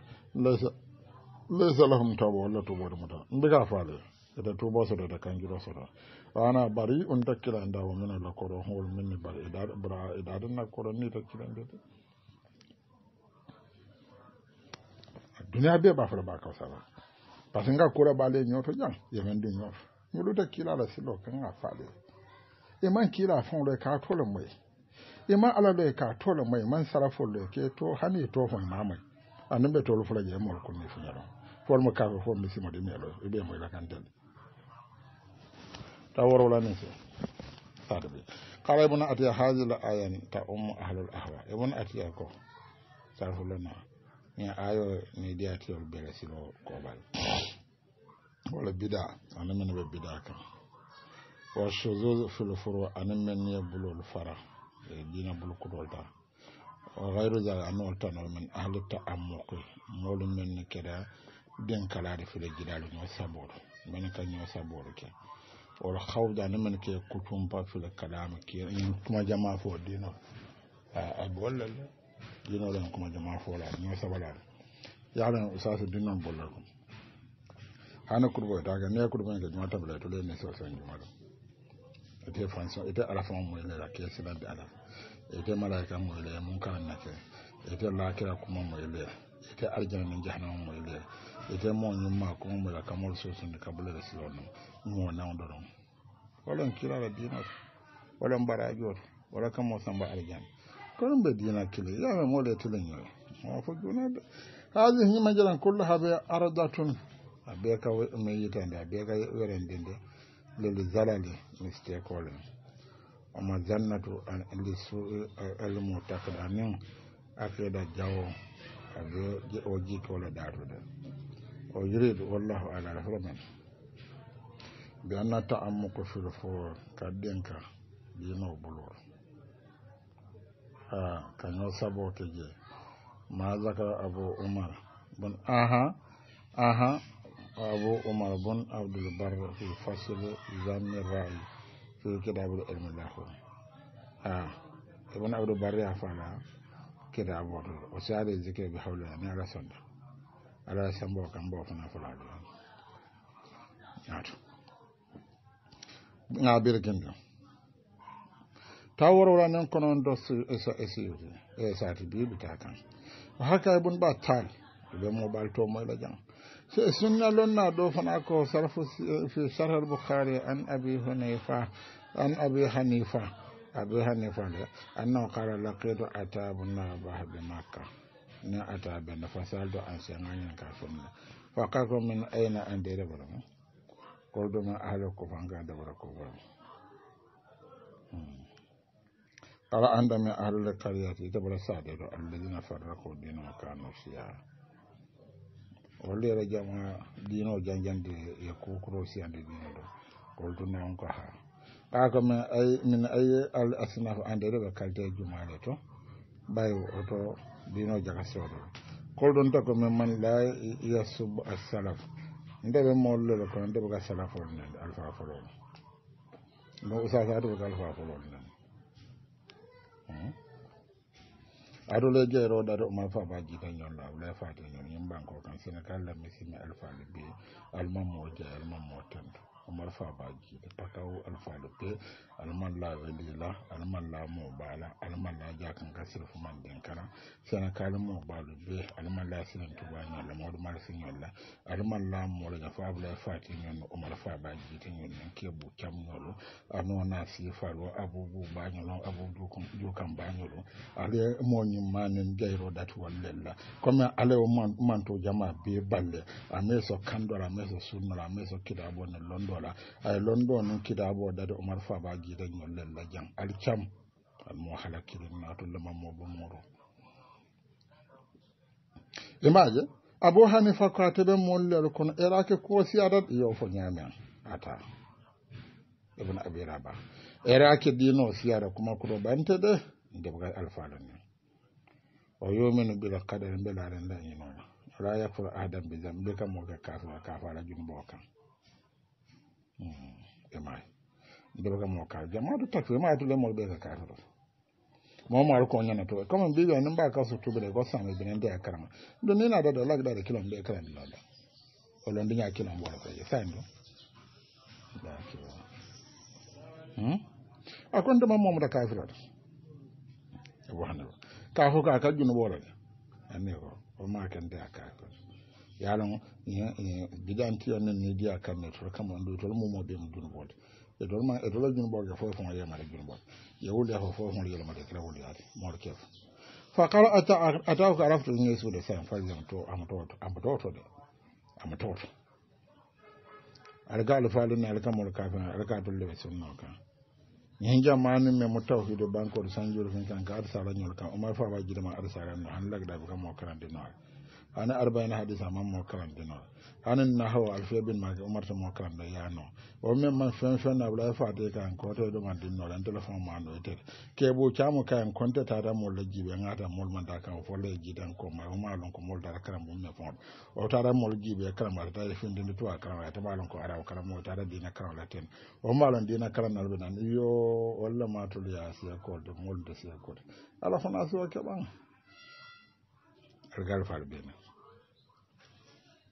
laysa lahum tawba walla tubode muta mbiga faale ede da kan de kanjuro soto ana bari un ta kira takkila ndawo minen la koro hol minni bari bra da da na koro ni ta kira mbiyete duniya be ba fara ba kawsala par ce que nga kura ɓaale ñooto jang yemen lu ta kira la silo kan e man kira fon le ka tole mai e man ala le ka tole mai man sarafol le ke to hani to fon mamai anin ɓe tolu fula jee mol kunni fuñalo folmo kaake fo mi simodi meelo e ɓe moyla kantele ta worwola ni se sade ɓe kala ibona atiya hajila ayan ta ummu ahlul ahwa ibona atiya ko sarfulana min ayo ni diyatiyol bele silo koɓal wala bida anin min ɓe bida ka. wa chuzuz fil furu anin min ye bulol fara e bulu bulkudol ta o gayru dal anol tanol min ahli ta'ammuqi molum men ni keda den kalade fele jidalu no saboro men ka nyo saboro ke wala hawda ni men ke kutum pa fele kalama ke in kuma jama fo dino a bollal dino kuma jama fo la nyo sabala yaran usasu dinon bollal hana kurbo daga ne kurbo ke jama tabla to ne so san juma ite alafa mo le la ke alafa ita malaika moyle mun karannake ita lakira kuma moyle ita arjan min jahanama moyle ita mo ma kuma moyla kamol susundi kabulere silono mo nawdoron walon kirala dinoto walon barajoto wala musan ba arjan kono ɓe dina kile yame mole tile ñoy ma fo junade haadi hima jalan kulla haɓe arada tun a ɓe ka mi yitande a ɓe ka werendinde leli zalali mistake olen ama jannatu an li elmu takda min afeeda jawo o jiitoole daarude o yuriidu wallahu ala rasulamen bi anna taammuko fil foo kaddinka jiinoo bulur a kaño sabooke je ma zakara abou umar bon aha aha abou umar bon abdoul bar fi facile jamme rayi fi kitabul ilmi lahu a ibn abdu barri a fala kitabu o saade zikri bi hawla ni ala sonda ala sambo kam bo fana fala do ato nga birkin do tawarwara nan konon do su isa isiyuti e sati ta kan haka ibn battal ibe mo balto mo la jang سنة لنا دوفنا أكو صرف في شرح البخاري عن أبي حنيفة عن أبي حنيفة أبي حنيفة أنه قال لقيت أتى بنابه بمكة نا أتى بنا فسألت عن سنعني كافرنا فقال من أين أنت دبرم قلت من أهل الكفان قال دبر كفر قال أنت من أهل القرية دبر سادر الذين فرقوا الدين وكانوا شيعا wolu yere jama diino janjande e kukuro siyande diino ɗo woldu noon ko ha ka min ay min ayi al asnahu andere ɓe kalte jumale to o oto diino jaga soɗo kolɗon ta ko min man la yasubu assalaf ndeɓe mollole kono ndeɓe ga salafol nande alfafolo no usasa ka ga alfafolo nande aɗole jeyro ɗaɗo oma fabaji kañol lawla fate ñom banko kan sénégal lammi bi alfaali be almammo je almammo tento umar fabaki pakaw alfalupe almalla welila almalla mo bala almalla jakan kasir fuman dinkara sana kalin mobala be almalla sinan tubanya la modu mar sinyalla almalla mo da fabula fati nyon umar fabaki tin nyon kebu yalo a nuna si faru abubu banyolo abubu kon jokan banyolo ale mo nyimanen jairo datu wallella comme ale o man manto jama be balle meso kandora meso sunura meso kidabo na london a yi london kitaaboo da omar faba jiida ñollen la jang alcam almo hala kirin naatu lamammo bo moro e maje abo hanifa ko ateɓe mollel kono erake koosi adat yo fo ñaamen ata ibne abira ba erake dino siyara kuma kuro koɗo ɓante ɗe ndebgal alfaala ni o yominu bila kadare mbelaren lañinoma la fura adam bi zambe kam moga kafira kafara junbo kam ɓemayi iɗeɓe ka mo kafir ma ɗo takfir ma yatude mol ɓe ka ga oto momaru ko ñana ndị mba ka sottuɓene ko sami bene mbiya karama ni naɗa ɗo lagɗaɗe kilon mbiya karami ndị ka ka o ma ndị giganti on nen ne diya kanne to kam on do tol mo mo dem dun bol e ma e dol dun bol ga fo fo ma yema dun bol ye wul ya fo fo mo yema de kra wul ya kef fa kala ata ata ko araftu ni su de sam fa yam to am to am to to de am to to alga alfalu na alka mo ka fa alka to le sunno ka yin jama'anin mai mutawhidu bankor sanjur fin kan ka arsala nyol kan umar fa ba gidama arsala no an lagda ga mo karande no ana arbaina hadisa man mokaran dino hanin na hawa alfiya bin maki umarta da ya no o men man fen fen na bla fate kan ko to do man dinno lan telefon ma no ite ke bu bo chamu kan konta ta da mo laji be ngata mol man da kan fo ji dan ko ma ma lon ko mol da karam mum me fon o ta da mol ji be karam ta da fin din to karam ta ma lon ko ara karam mo ta da dina karam la ten o ma lon dina karam na be nan yo walla ma to ya siya ko do mol do siya ko ala fona so ke ban algal far be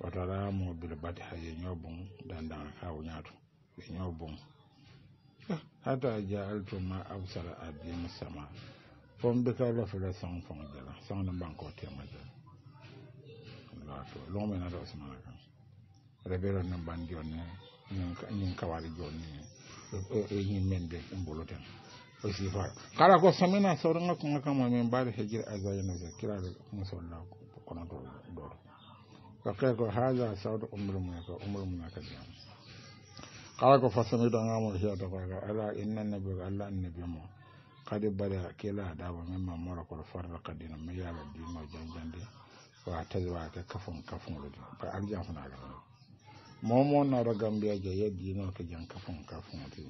watara mo bil bati ha ye nyo bon dan dan ha wo nyato ye nyo bon hata ja'altu ma absara abin sama fon be ka la fela sang fon jala sang na banko te ma jala Allah to lo me na do sama kan rebelo na ban jonne nyen ka nyen kawali jonne e, e, e nyen men de mbolo tan o fa kala ko samina sawranga ko ngaka mo men baade hejir azayna zakira musalla ko kono do do ka kai ko haja saudu umru mun ka umru mun ka da kala ko fasami don amur hiya ta fara ala inna nabi allah annabi mu kad bada kila da ba min mamara ko farraqa dinu mi ya la dinu janjande wa tazwa ka kafun kafun rudu ka arja funa ga momo na ra gambiya ga ya dinu ka jan kafun kafun rudu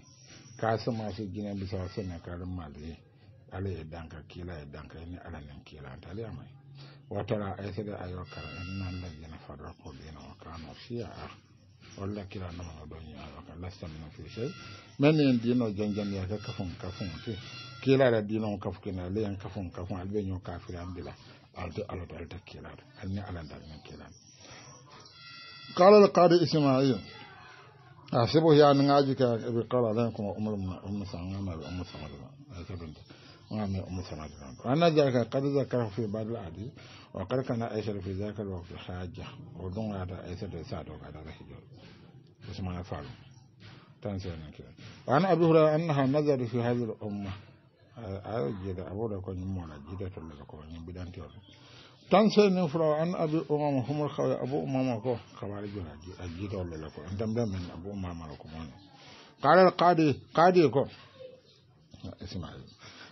ka su masu gina bisa suna karin malaye ala ya danka kila ya danka ne ala nan kila ta mai watara aysede ayokkara en nan lajjene farrako bina wa kano fiyaa walla kiranoma ɗon yawaka lastamina fi sey min en dino janjaniyake kafum kafum fi kiilare dino kafukina leyen kafum kafum aɗa ɓe ño kafiri andila alde alade alde kiilade alni alandal min kiilade قال القاضي إسماعيل أحسبه يعني عاجك بقال عليكم أمر أم سعيد أم سعيد وعمل أم سلمة وأنا ذلك قد ذكره في بعض الأحاديث وقد كان أيسر في ذلك وفي حاجة ودون هذا أيسر سعد وقعد على الحجر اسمها فعل تنسينا كذا وعن أبي هريرة أنها نزل في هذه الأمة أرجل آه، آه، أبو لكم مولا جدة لكم بدان تيرو تنسينا فرع عن أبي أمام هم الخوي أبو أمام كو خوارج الجدة لكم أنتم دم من أبو أمام لكم قال القاضي قاضي كو اسمعي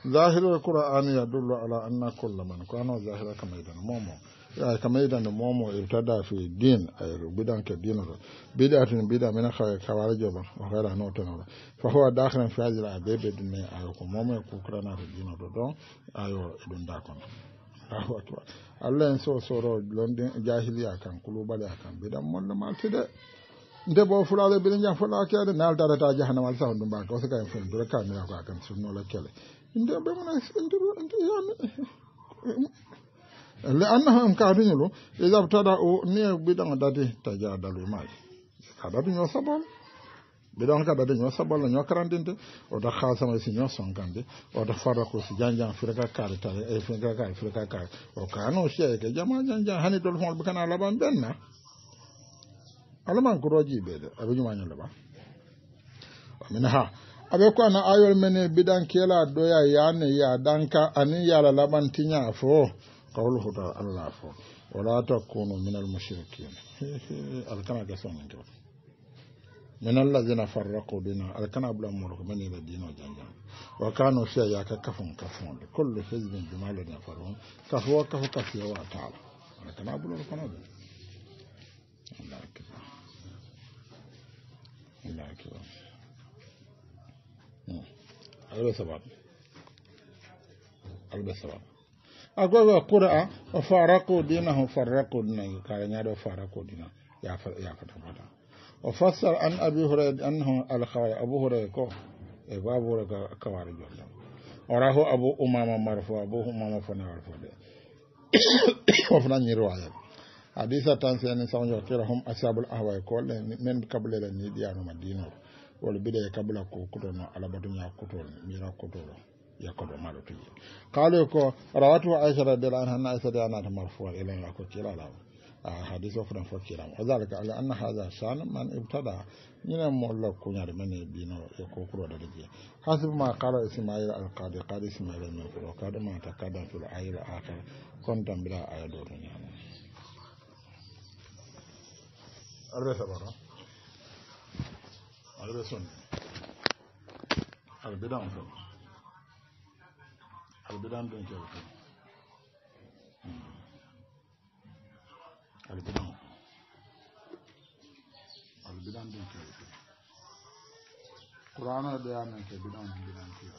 ظاهر القرآن يدل على أن كل من كان ظاهر كما إذا مومو يعني كما إذا مومو ابتدى في الدين بدان كدين بدعة بدعة من خوارج وغيرها نوتن فهو داخل في هذه العذاب الدنيا أيوكم مومو كوكرانا في الدين دون أيو ابن داكم الله أكبر الله ينسو سورو لندن جاهلية كان قلوبالي كان بدعا مولا مالتدى nde bo fulade bine jam fulakede dara ta alsa al ɗum mbaka o sika en fen dura kamira ko akam sunno sunnola kele لأنهم كارين إذا ابتدأوا نية بدون دادي تجادلوا معي kada ɗum yo sabol mbiɗon kada de ño sabol ño karandinde oto hasama si ño sonkande oto farra ko si janjan firka kaari tare e firka kaari firka kaari o kano siya ke jama janjan hani dol fonɓe kana laɓan ɓenna alaman koroji ɓeede aɓe ñumaño laɓa amina ha abe ko na ayol mene bidan kela doya ya ne ya danka ani ya la laban tinya fo qawlu huda allah fo wala takunu min al mushrikin alkana ga son to min allazina farraqu dina alkana bulan mulku min al dino janja wa kanu fiya ya ka kafun kafun kullu hizbin bima la yafarun kafu kafu kafu wa ta'ala alkana bulan kono Allah akbar Allah akbar albe sabab albe sabab akwai wa qur'a wa faraqu dinahum faraqu dinahum kare nya do faraqu dinahum ya ya fata fata wa fassar an abi hurairah annahu al khawari abu hurairah ko e eh, babu hurairah kawari jolla وراهو أبو أمامة مرفوع أبو أمامة فني مرفوع وفنا رواية حديثة تنسي أن سنجو كيرهم أصحاب الأهواء كل من قبل أن يديانوا مدينه wol bida kabla ko kuto no ala kutono alabadunya kutol mira kutolo yakodo maɗo tuji kale ko rawatu aisha radhiyallahu anha na anna aisata anata marfua ilayha ko kiralaw a hadis o fotan fof kiram wa ah, zalika ala anna hadha shan man ibtada ñinen mo lokkuñade men e ɓino e kokuroɗade je hasibuma kala ismail qadi kadi ismail min qadi ma ta qadan fil ayil akhir kon tambira aya ɗo to ñamon arre sabara one. I'll I'll I'll be be be doing everything. Öresund. Albedan fel. Albedan dön kel fel. Albedan. Albedan be kel fel. Kur'an'a dayanan ke bidan bidan kel.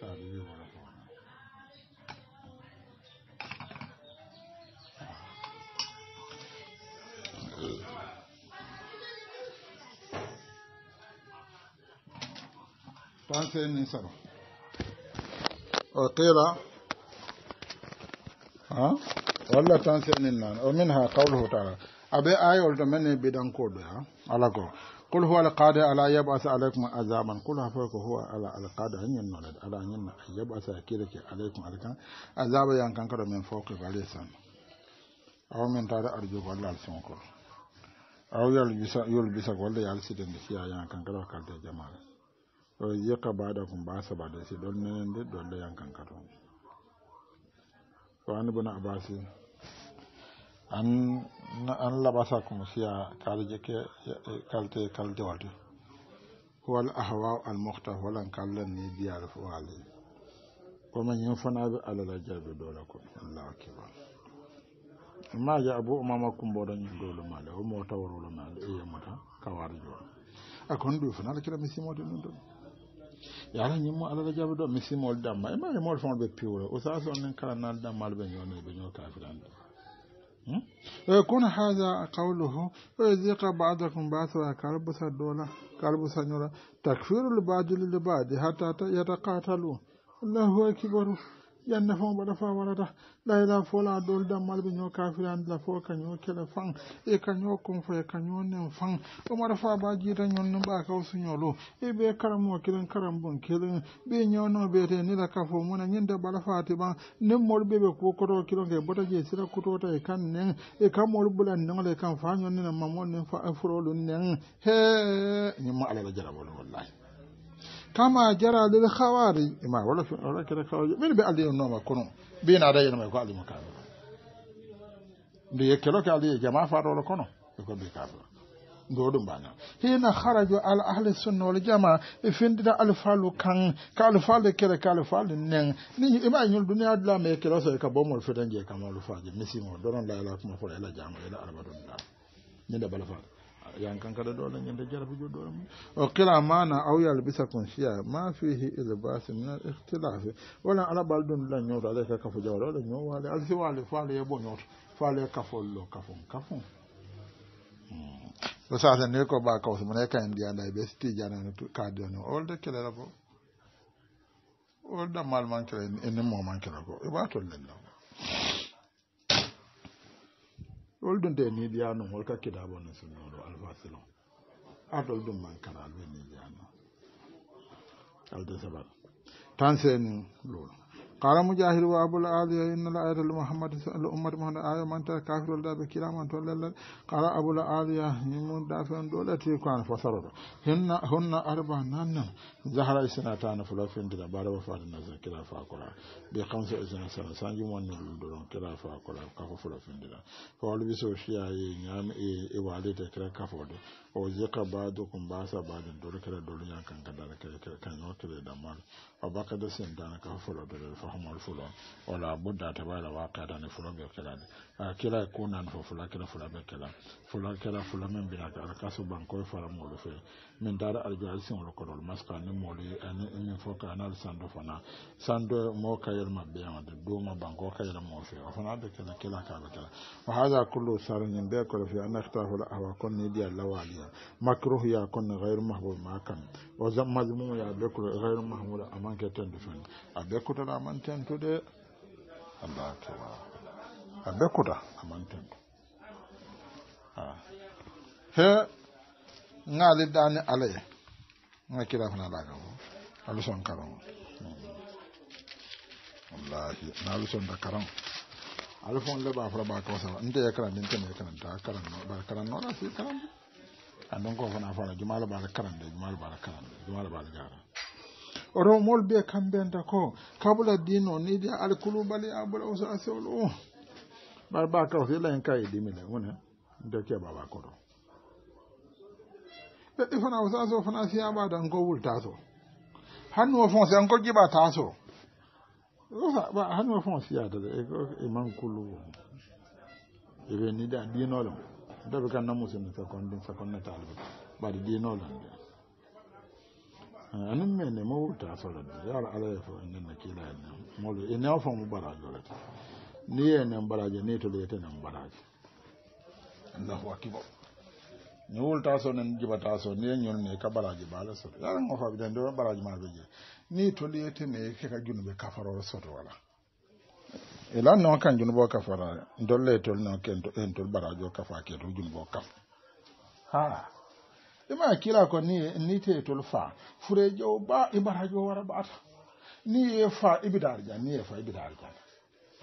Sadece olarak. tanse ni saba o qila ha walla tanse ni nan o minha qawluhu ta'ala abe ayol to men bidan ko do ha ala ko kul huwa alqadi ala yab'as alaykum azaban kul huwa ko huwa ala alqadi hanyin no ala hanyin na yab'as akirake alaykum alkan azaba yan kan kado men fawqi balisan aw min tare arju ko Allah sun ko aw yal bisa yul bisa ko Allah yal sidin fiya yan kan kado kalta jama'a yeka da kun ba don si da dole ɗonɗo yankanka ton an buna abasi an an labasa kum siya kalje ke kalte kalte wati wal ahwa al muhtaf an kallan ni diyal fuwali ko man yin fana bi alala jabi dole ko Allahu akbar amma ya abu umama kum bodan dole male o mota warolo male e mota kawarjo akon du fana kira misimo de non don yala ñimmo alala jaɓe ɗo mi simol damma e mari mol fonbe piwro o saaso on nen kala nal dammal be ñoni be ñoo kafirande kun haza qawluhu wayudika badakum basara kalbusa dola kalbusa ñola takfiru takfirul badili l badi hatta yataqatalu allahu akbar yande fon mbaɗa fa warata layla fola dol dammal ɓe ño la fo kaño kele fang e kaño konfo e kaño nen fan o mbaɗa fa ba jiita ka ɓa kaw lo e ɓe karamo kelen karam bon kelen ɓe ñono ɓeete nila kafo muna ñinde mbaɗa fati ɓan nen molɓe ɓe kokoto kilonke bota je sira kutota e kan nen e kam mol ɓulan nengole kan fa ñonnina mamol nen fa lu nen he ñimma alala jarabol wallahi kama jara de. khawari ma wala fi wala kada khawari min be ali no ma kono be na da yana ko ali ma kafa ndi yekelo ka ali jama faro lo kono ko be kafa do dum bana hina kharaju al ahli sunna wal jamaa e findida al falu kan ka al falu kere ka al falu nen ni ima nyul dunya la me kelo so ka bomol fetan je kamal faji misimo doron la la kuma fo la jama ila arbadun la ni da balafa yankankata ɗoɗon ñande jarabu jo ɗoɗon mum o kila mana aw ma fihi min al wala ala wale faale ye bo ñowto faale kafollo kafon kafon so sasa ni ko ɓa kawso mona kayen ndiyanda ɓe si tijanani kadiyoni olde kelela bo olɗammal mankela ko e wol ɗum de niidiya no holka kidaɓo no sinnoɗo alfasilon adol ɗum man kara alɓe niidiya no alde sabat tan seni lolo قال مجاهد وابو العالي ان الايه لمحمد الامه محمد ايه من ترى كافر ولا بكلام انت تولى قال ابو العالي يمون دافع دولتي كان فسرد هن هن اربع نان زهر اسنتان فلوفين فين دلا بار وفاد نزل كلا فاقرا بخمس اذن سنه سانجي من دون كلا فاقرا كفو فلا فين دلا فولبي سوشيا يام اي والد كلا كفو o jeka bado kun basa bado dole kada dole yan kan kada kada kan yo da mal o baka da sen dana ka fulo da fulo wala budda ta bala waka da ne fulo be kada a kira ko nan fo fula kira fula be kala fula kira fula men bina ka alkasu fara mulu fe min dara aljaal sin maska ni mulu ani ni fo ka anal sando fana sando mo ka yel mabbe on de do ma banko ka yel mo fe fana de kala kila ka be kala wa hada kullu sarin yin be ko fi an ikhtahu al ahwa kun ni dia lawaliya makruh ya kun ghayr mahbub ma kan wa ya be ko ghayr mahmud aman ke tan du fen a be ko tan aman tan to de Allah akbar abe kuda a amantento he ŋaali daani ala ye ŋa kira fana la kan alu karon wallahi na alu da karon alu fon le b'a fara b'a kaw saba inda ya ye kalan den tɛ ne karan ta kalan karan bari kalan nɔ la se kalan a dɔn k'o fana fara juma la b'a da karan da juma la b'a da karan de juma la b'a da gara oro mol be kan benda ko kabula dino ni di alkulubali abula usa asolu bar ba ka hila en kai e dimi ne wona da ke baba ko do da e, ifana e wasa so fana si aba dan go wulta so hannu wa fonse an ko ji ba ta so wasa ba hannu wa fonse ya da e ko e iman kulu ebe ni da di no lo da be kan na musin ta kon din sa kon na ta lo ba di no lo anin mene mawuta so da yar ala ya fo inna kila inna mulu inna fa mubarak ni ye nen baraje ni tolu yete nen baraje allahu akibar ni wul taso ni jiba taso ni ye ni ne ka baraje baala soto yara ngo fa bidan do baraje ma be ni tolu yete ne ke ka junube kafaro soto wala ila e no kan junubo kafara dolle e tol no ken to en tol barajo kafa ke to junubo kaf ha ima e kila ko ni ni te tol fa furejo ba ibarajo wara bata ni ye fa ibidarja ni ye fa ibidarja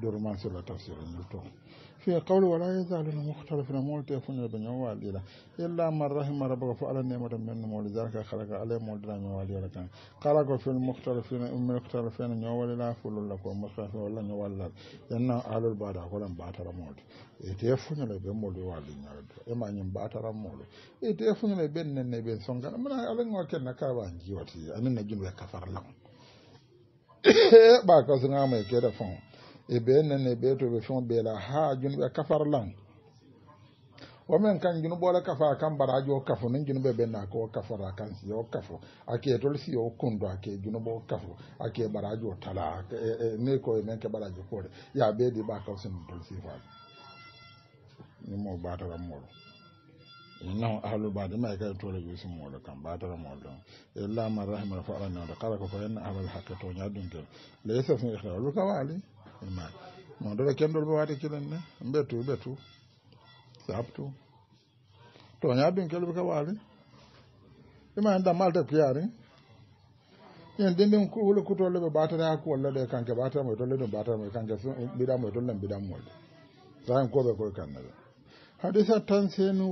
durman sila tafsirin yuto fi qawli wala yazaluna mukhtalifina multa yafunna bi nyawalila illa man rahima rabbaka fa ala ni'mata min mawli zalika khalaqa ala mawdina nyawalila kan qala ko fil mukhtalifina um mukhtalifina nyawalila fulul lako mukhtalif wala nyawalila yanna alul bada ko lan batara mawdi ite yafunna le be mawli wali nyawdo e ma nyim batara mawli ite yafunna le ben nenne ben songa mala ala ngoken na ka ba njiwati anin na jumbe kafar lan ba ka sunga mai ke da fon e ɓe ne be to ɓe be la ha kafar lan wo men kan junuɓole kafa kan baraji o kafo nin junuɓe be na ko kafara kan si o kafo ake tol si o kundo ake junuɓe kafo ake tala e, e, ni koye men ke baraji koore ya ɓe ɗi ɓa kawsini tol sifaɓe ahlu e illa ko fa inna laysa fi ma mo dole kendol be wata kilen ne betu betu saptu to nya bin kelbe ka wali malta piyari yin da ko walla kanke kanke zan ko ko kanna hadisa tan senu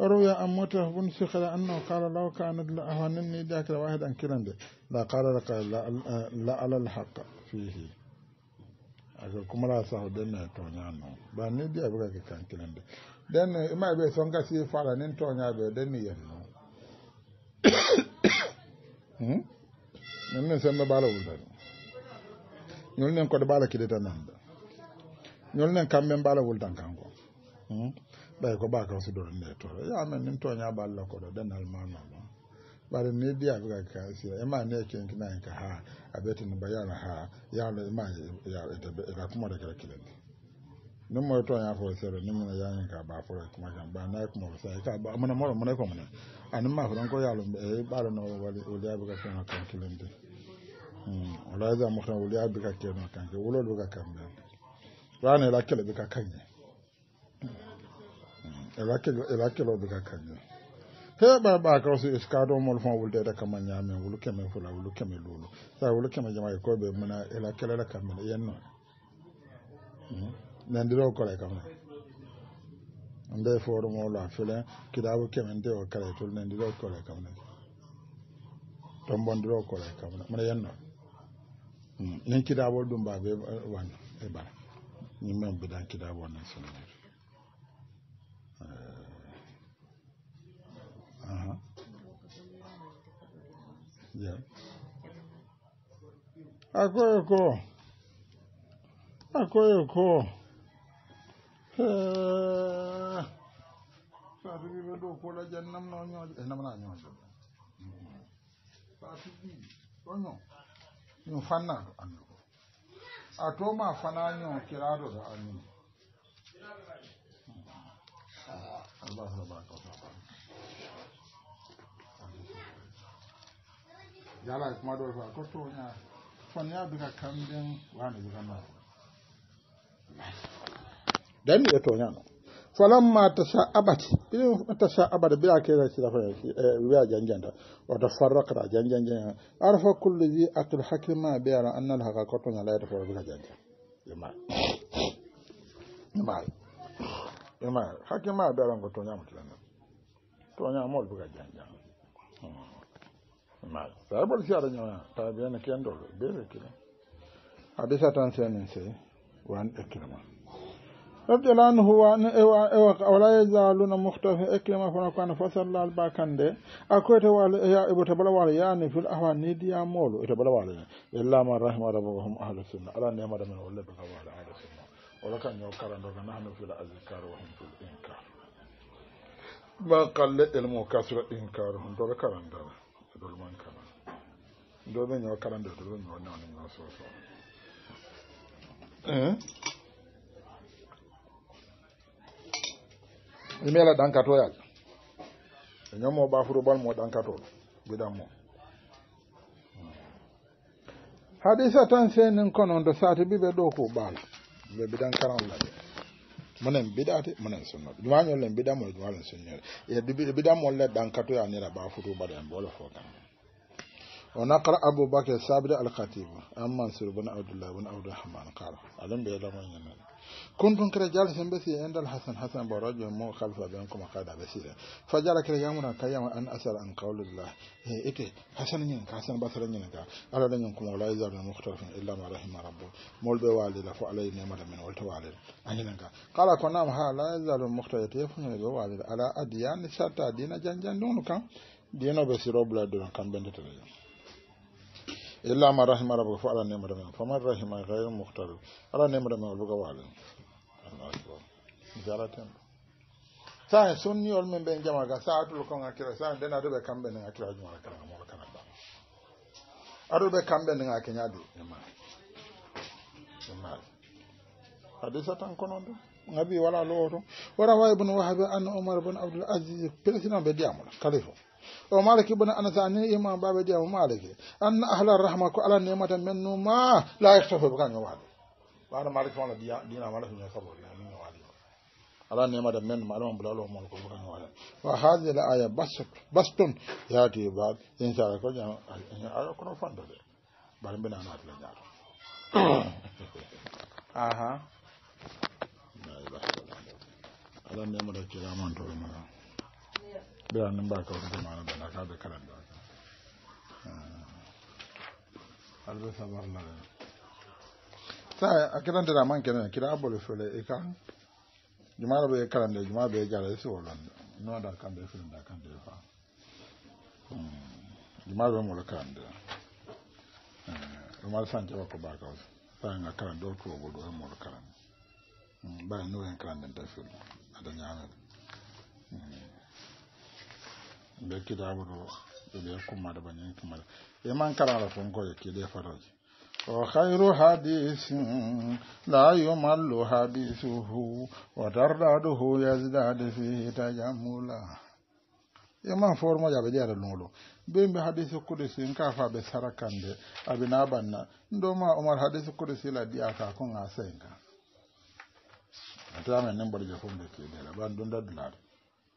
روي عن بن سخر انه قال لو كان لاهنني ذاك واحدا كلا لا قال لك لا على الحق فيه ake kumara sa denne tonya no ba ni dia be ka kan den denne ima be son ka si fara nin tonya be denne yen no hmm nan sen ba bala wulda ñol nen ko de bala kideta nanda ñol nen kamben bala wuldan kanko hmm bay ko ba ka su do ne to ya men nin tonya bala ko do denne almano bari ni biya ga kasi e ma ne ken kina nka ha abeti ni bayana ha ya le ma ya e ka kuma da kare kila ni ni mo to ya fo sero ni mo ya nka ka ba fo kuma kan ba na kuma sa ka ba mo na mo mo na ko mo na ani ma fo ko ya lo e ba lo no wali o ya bi ka kan kan kila ni o hmm, la za mo kan o ya bi ka na kan ke wo lo ka kan ba ra ne la kila bi ka kan ne ela kilo hmm, ela kilo bi ka kan ne iska ɓa kawso iskaɗomol fon kaman kama ñamen wulu keme fula wulu keme luulu sa wulu keme jama e koɓe muna ela kelele e hmm? kammene yenno nendiro kole kamne nde forumolo a filen kiɗabu keme nde o kala tol nendiro kole kamne tombondiro kole kamne mune yenno yin kiɗabol ɗum mbaɓe wan e bara ñimmen mbiɗan kiɗabol nan sinanir Aha. Yeah. Akwai ko. Akwai ko. bi bɛ ko eh, nam na nam na bi o ɲɔ ɲɔ fan na A to ma fana ɲɔ kira jala kuma dole fa ko to nya fon ya bi ka kambin wani bi kan dan ya to nya no falamma tasha'abat idan tasha'abat bi ake da shi da fa eh, bi a janjanta wa tafarraqat janjan janjan arfa kullu zi aqil hakima bi ara anna al haqaqatu la yatafarraqu bi janjan jama'a jama'a jama'a hakima bi ara ko to nya mutlan to nya mol bi ka janjan mal. ¿Sabes por qué araña? Está bien aquí ando. Bien aquí. A veces transcendencia. Juan Ekrema. Abdelan huwa e ewa ewa wala yazaluna e muhtafi ikrima e fa kan fasal lal bakande akwata wala ya ibu tabala wala ya ni fil ahwani diya molu ita bala wala illa ma rahma rabbuhum ahlus sunna ala ne ma da min wala ba wala ahlus sunna wala kan yo karando ga nahnu fil azkar wa hum fil inkar ba qallat al mukasira inkar hum to karanda dole man kala dole be nyaw so so imela dankato ya nyomo ba furu bal mo dankato bidan mo hadisa tan senin kono ndo sati bibe do ko bal be bidan karam munen bida te munen sunna sunna juma e juma bida mo len ya dumañollen bida mo le dan kato ya nira ba futu ba en bolo fo kan kam o nakara aboubacre sabida alkhatibu an mansour bun abdoullah bun abdourahman kala aɗum ɓeyɗamoñanen كنتم كرجال سنبسي عند الحسن حسن برجل مو خلف بينكم قد بسيرا فجعل كرجامنا كيما أن أسأل عن قول الله إيه إيه, إيه. حسن ينك حسن بصر ينك على لن ولا يزال مختلف إلا ما رحم ربه مول بوالي لفو علي نعمة من ولت والد أنينك قال كنام ها لا يزال مختلف يفهم بوالد على أديان شرطة دين جنجان دونك دينو بسيرو بلا دون كان بنتتلي إلا ما رحم ربك فعلى نعمة من فما رحم غير مختلف على نعمة من ولت والد akbar jaraten sahen sunniyol min ɓen jama ga saatul kon hakkira sahen ba wala lowo wara wa an o anas imam baɓe diyamo anna ahla rahma ko ala nemata men numa la yahtafoɓe kañum bara malik fana dia dina mala fi kabo na min wali ala ne mada men malama bulalo mon ko buran wala wa hadhihi al aya basat bastun yati bab in sha ko jam ala ko no fando de bar mbina na atla jaar aha ala ne mada kira man to ma bila nan ba ka ko ma na da ka da karan da albe sabar na sa a kirantera man kene kira bolo fele e kan jumaro be kalande jumaro be jara e siwo lande no da kan e hmm, be fele da kan be fa jumaro be mola kalande rumar san jaba ko ba ka wasu sa nga kalande o tuwo hmm, hmm, bodo e mola kalande ba no en kalande da fele a da nyame be kira bodo be kuma da banyan kuma e man kalara fonko ya kide faraji وخير حديث لا يمل حديثه وترداده يزداد فيه تجملا يمان فورما جاب جار النولو بين بحديث القدس كافا بسركان دي أبي نابان ندوما عمر حديث القدس لا دي آكا كون آسين أتعامي نمبر جفون دي كي دي لابان دون دادلار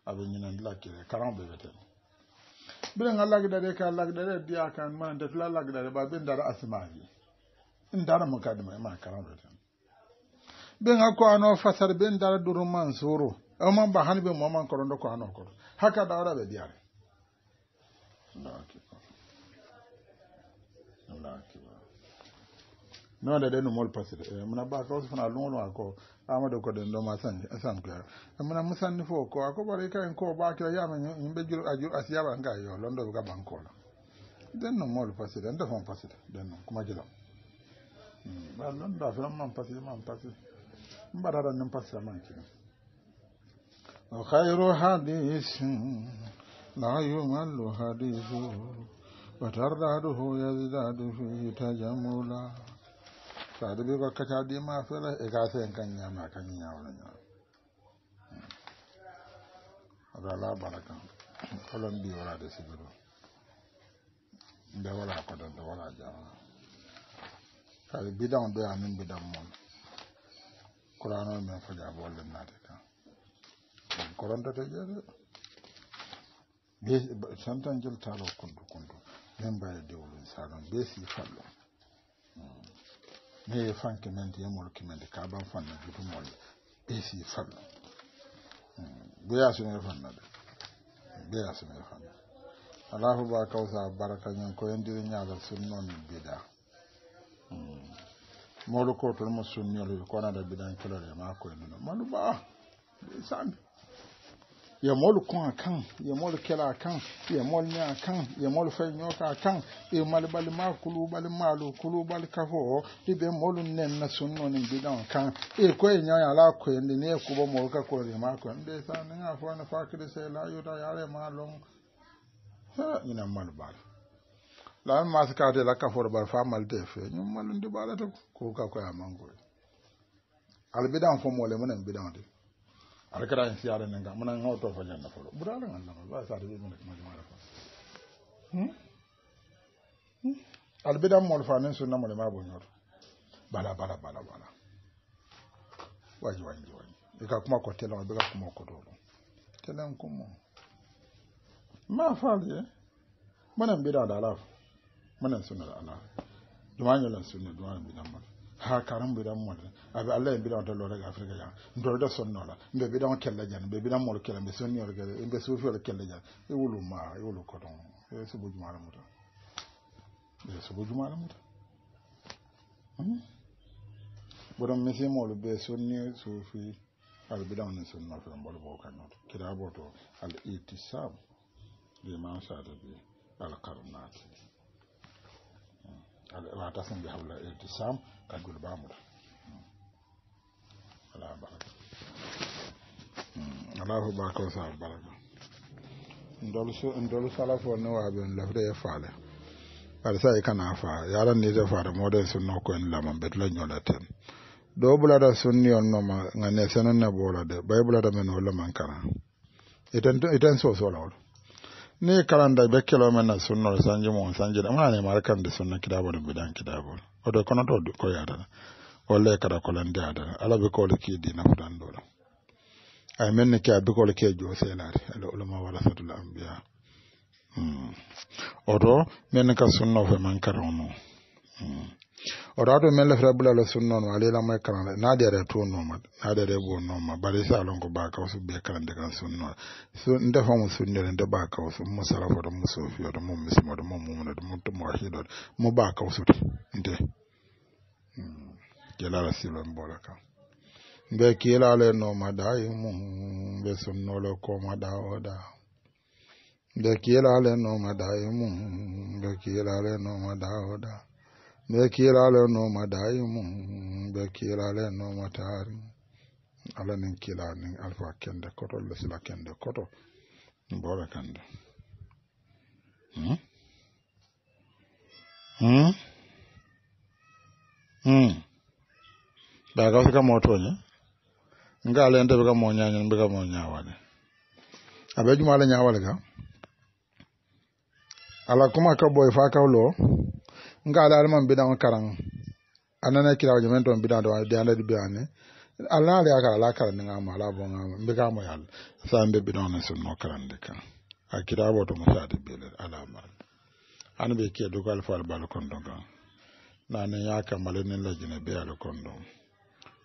أبي نينان دلار كي دي كرام بيبتين بين الله كده دي كالله كده دي آكا من دفل الله كده دي بابين دار أسماهي ndara mukadima ma karamreten ɓen hakko ano fasar ɓe ndara duru mansuru oman ba hani ɓe moman korondo ko ano koto haka da dawra ɓe diyare da denu mol pasir eh, muna ba ka kawsi fana lungol ma ko amado ko san ɗoma sankoya eh, muna musanni fo ko ako ɓaɗa kayen ko ba ɓakira yama yimɓe jur a jur asiyaba nga yo londoɓe ga bankola denu mol pasir en defon pasir denu kuma jiru Mm. non da filan man pasi man pasi n barara nin pasi man kini wa khairu hadisin di ma e kan ma kan mm. kolon wala wala wala sari bidaŋo be anin bidaŋ mon kuranol men fo jaabi na naati kan korontote jeede santan jel taalo kundu kundu min mbaye dewlum saɗon be si fallo mi hmm. ye fanke mente yemol kimente ka ban fanna jutumolle be si fallo beyasinoye hmm. fanna de beyasinoye fanna alahu ba kawsa baraka ñon ko yondiri ñaalal sun noon bida ni mm. ko tol mo sunniyol konada bidan kilore ma koye nuno maɗu ba sami yemolu kon a kan yemolu kela a kan yemolu ne a kan yemolu fɛn ɲɔka a kan e mali bali ma kulu bali malu kulu bali kafo i e bɛ molu nɛn na sunno ni bidan kan e ko ye ɲɔya ala ko ye ni ye kubo molu ka ko de ma ko n de sa ni ka fɔ ne fa kiri se la yuda yare ma lɔn ɲina malu bala lamin masu kata la kafor bar famal tefe ñum malum di balata ko ka koya mangoy al bidan fo mole munen bidan de al kara en siara nanga munen ngaw to fa janna fo burala ngal ngal ba sa de munen ma jama rafa hmm? hmm? al bidan mol fa nen sunna mole ma bo ñor bala bala bala bala waji wanji wanji e ka kuma ko telan e be ka kuma ko do telen kuma ma fa de munen bidan da alafu manan sunar ala duma nyalan sunna duma bidan mal ha karam bidan mal abi allah bi bidan to lore ga afrika ya ndol da sonno la be bidan kella jan be bidan mol kella be sonni or gele be sufi or kella jan e wulu ma e wulu ko don e subu jumala muta e subu jumala muta hmm? boɗon misimolu ɓe sunni suufi albiɗawni sunna fi mbol bo kañoto kiraɓo to al ma liman da bi alkarnati ala wata sen bi hawla irtisam kaggol bamuda ala baraka hmm, ala hu ba ko sa baraka ndol so ndol sala fo no wabe on lafde e faale par sa e kana fa yala ni de faare mode so no ko en lama bet la nyola tan do bula da sunni on no ma ngane sanan na bola de bay bula da men wala man kana itan itan so so lawo ni karanda be kelo men na sunno sanje mo sanje da mana ne markan da sunna kidabo da bidan kidabo o do kono to ko yada o le kada ko lan dada ala be ko le ki dina fudan do la ay men ne ka be ko le ke jo senare ala ulama wala fatul anbiya hmm. o do men ka sunno fe man karono oɗaɗo melle fra bulalo sunnon wa lela moye karala naɗere to noma naɗere ɓo noma bare salon ko ba kawsu ɓe karande kan sunnoɗa nde homo sunnere nde ba kawsu mo salafoɗo mo sofiyoɗo mo misimoɗo mo mumunoɗo mo mowahiɗoɗo mo ba kawsude nde jelala hmm, silon bola kam ɓe kiilale nomaɗa e mum ɓe sunnolo komaɗa oɗa ɓe kiilale nomaɗa e mum ɓe kiilale nomaɗa oɗa bekira le no madai mu bekira le no matari ala nin kila nin alfa kende koto le sila kende koto mbora kende hmm hmm hmm baga fika moto nya nga ala ende fika mo nyanya mbika mo nyawale abeju mo ala nyawale ka ala kuma ka boy fa ka lo nga ala alman bidan karan anana kira wajen menton bidan da wani diyanar di ne ala ala ya kala lakar ni nga mala bo nga mbi ga mo yal sa mbe bidan na sun no karan de a kira bo to musa da bele ala mar an be ke dogal fal bal kon don kan na ne ya kamale ne la jine be ala kon don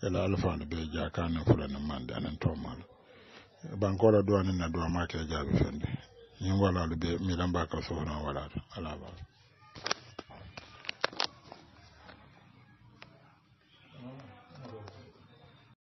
ila alfa ne be ja kan ne ni man da nan to mal bankola duwa ne na duwa ma ke jabi fende yin wala be mi lamba ka so na wala ala ba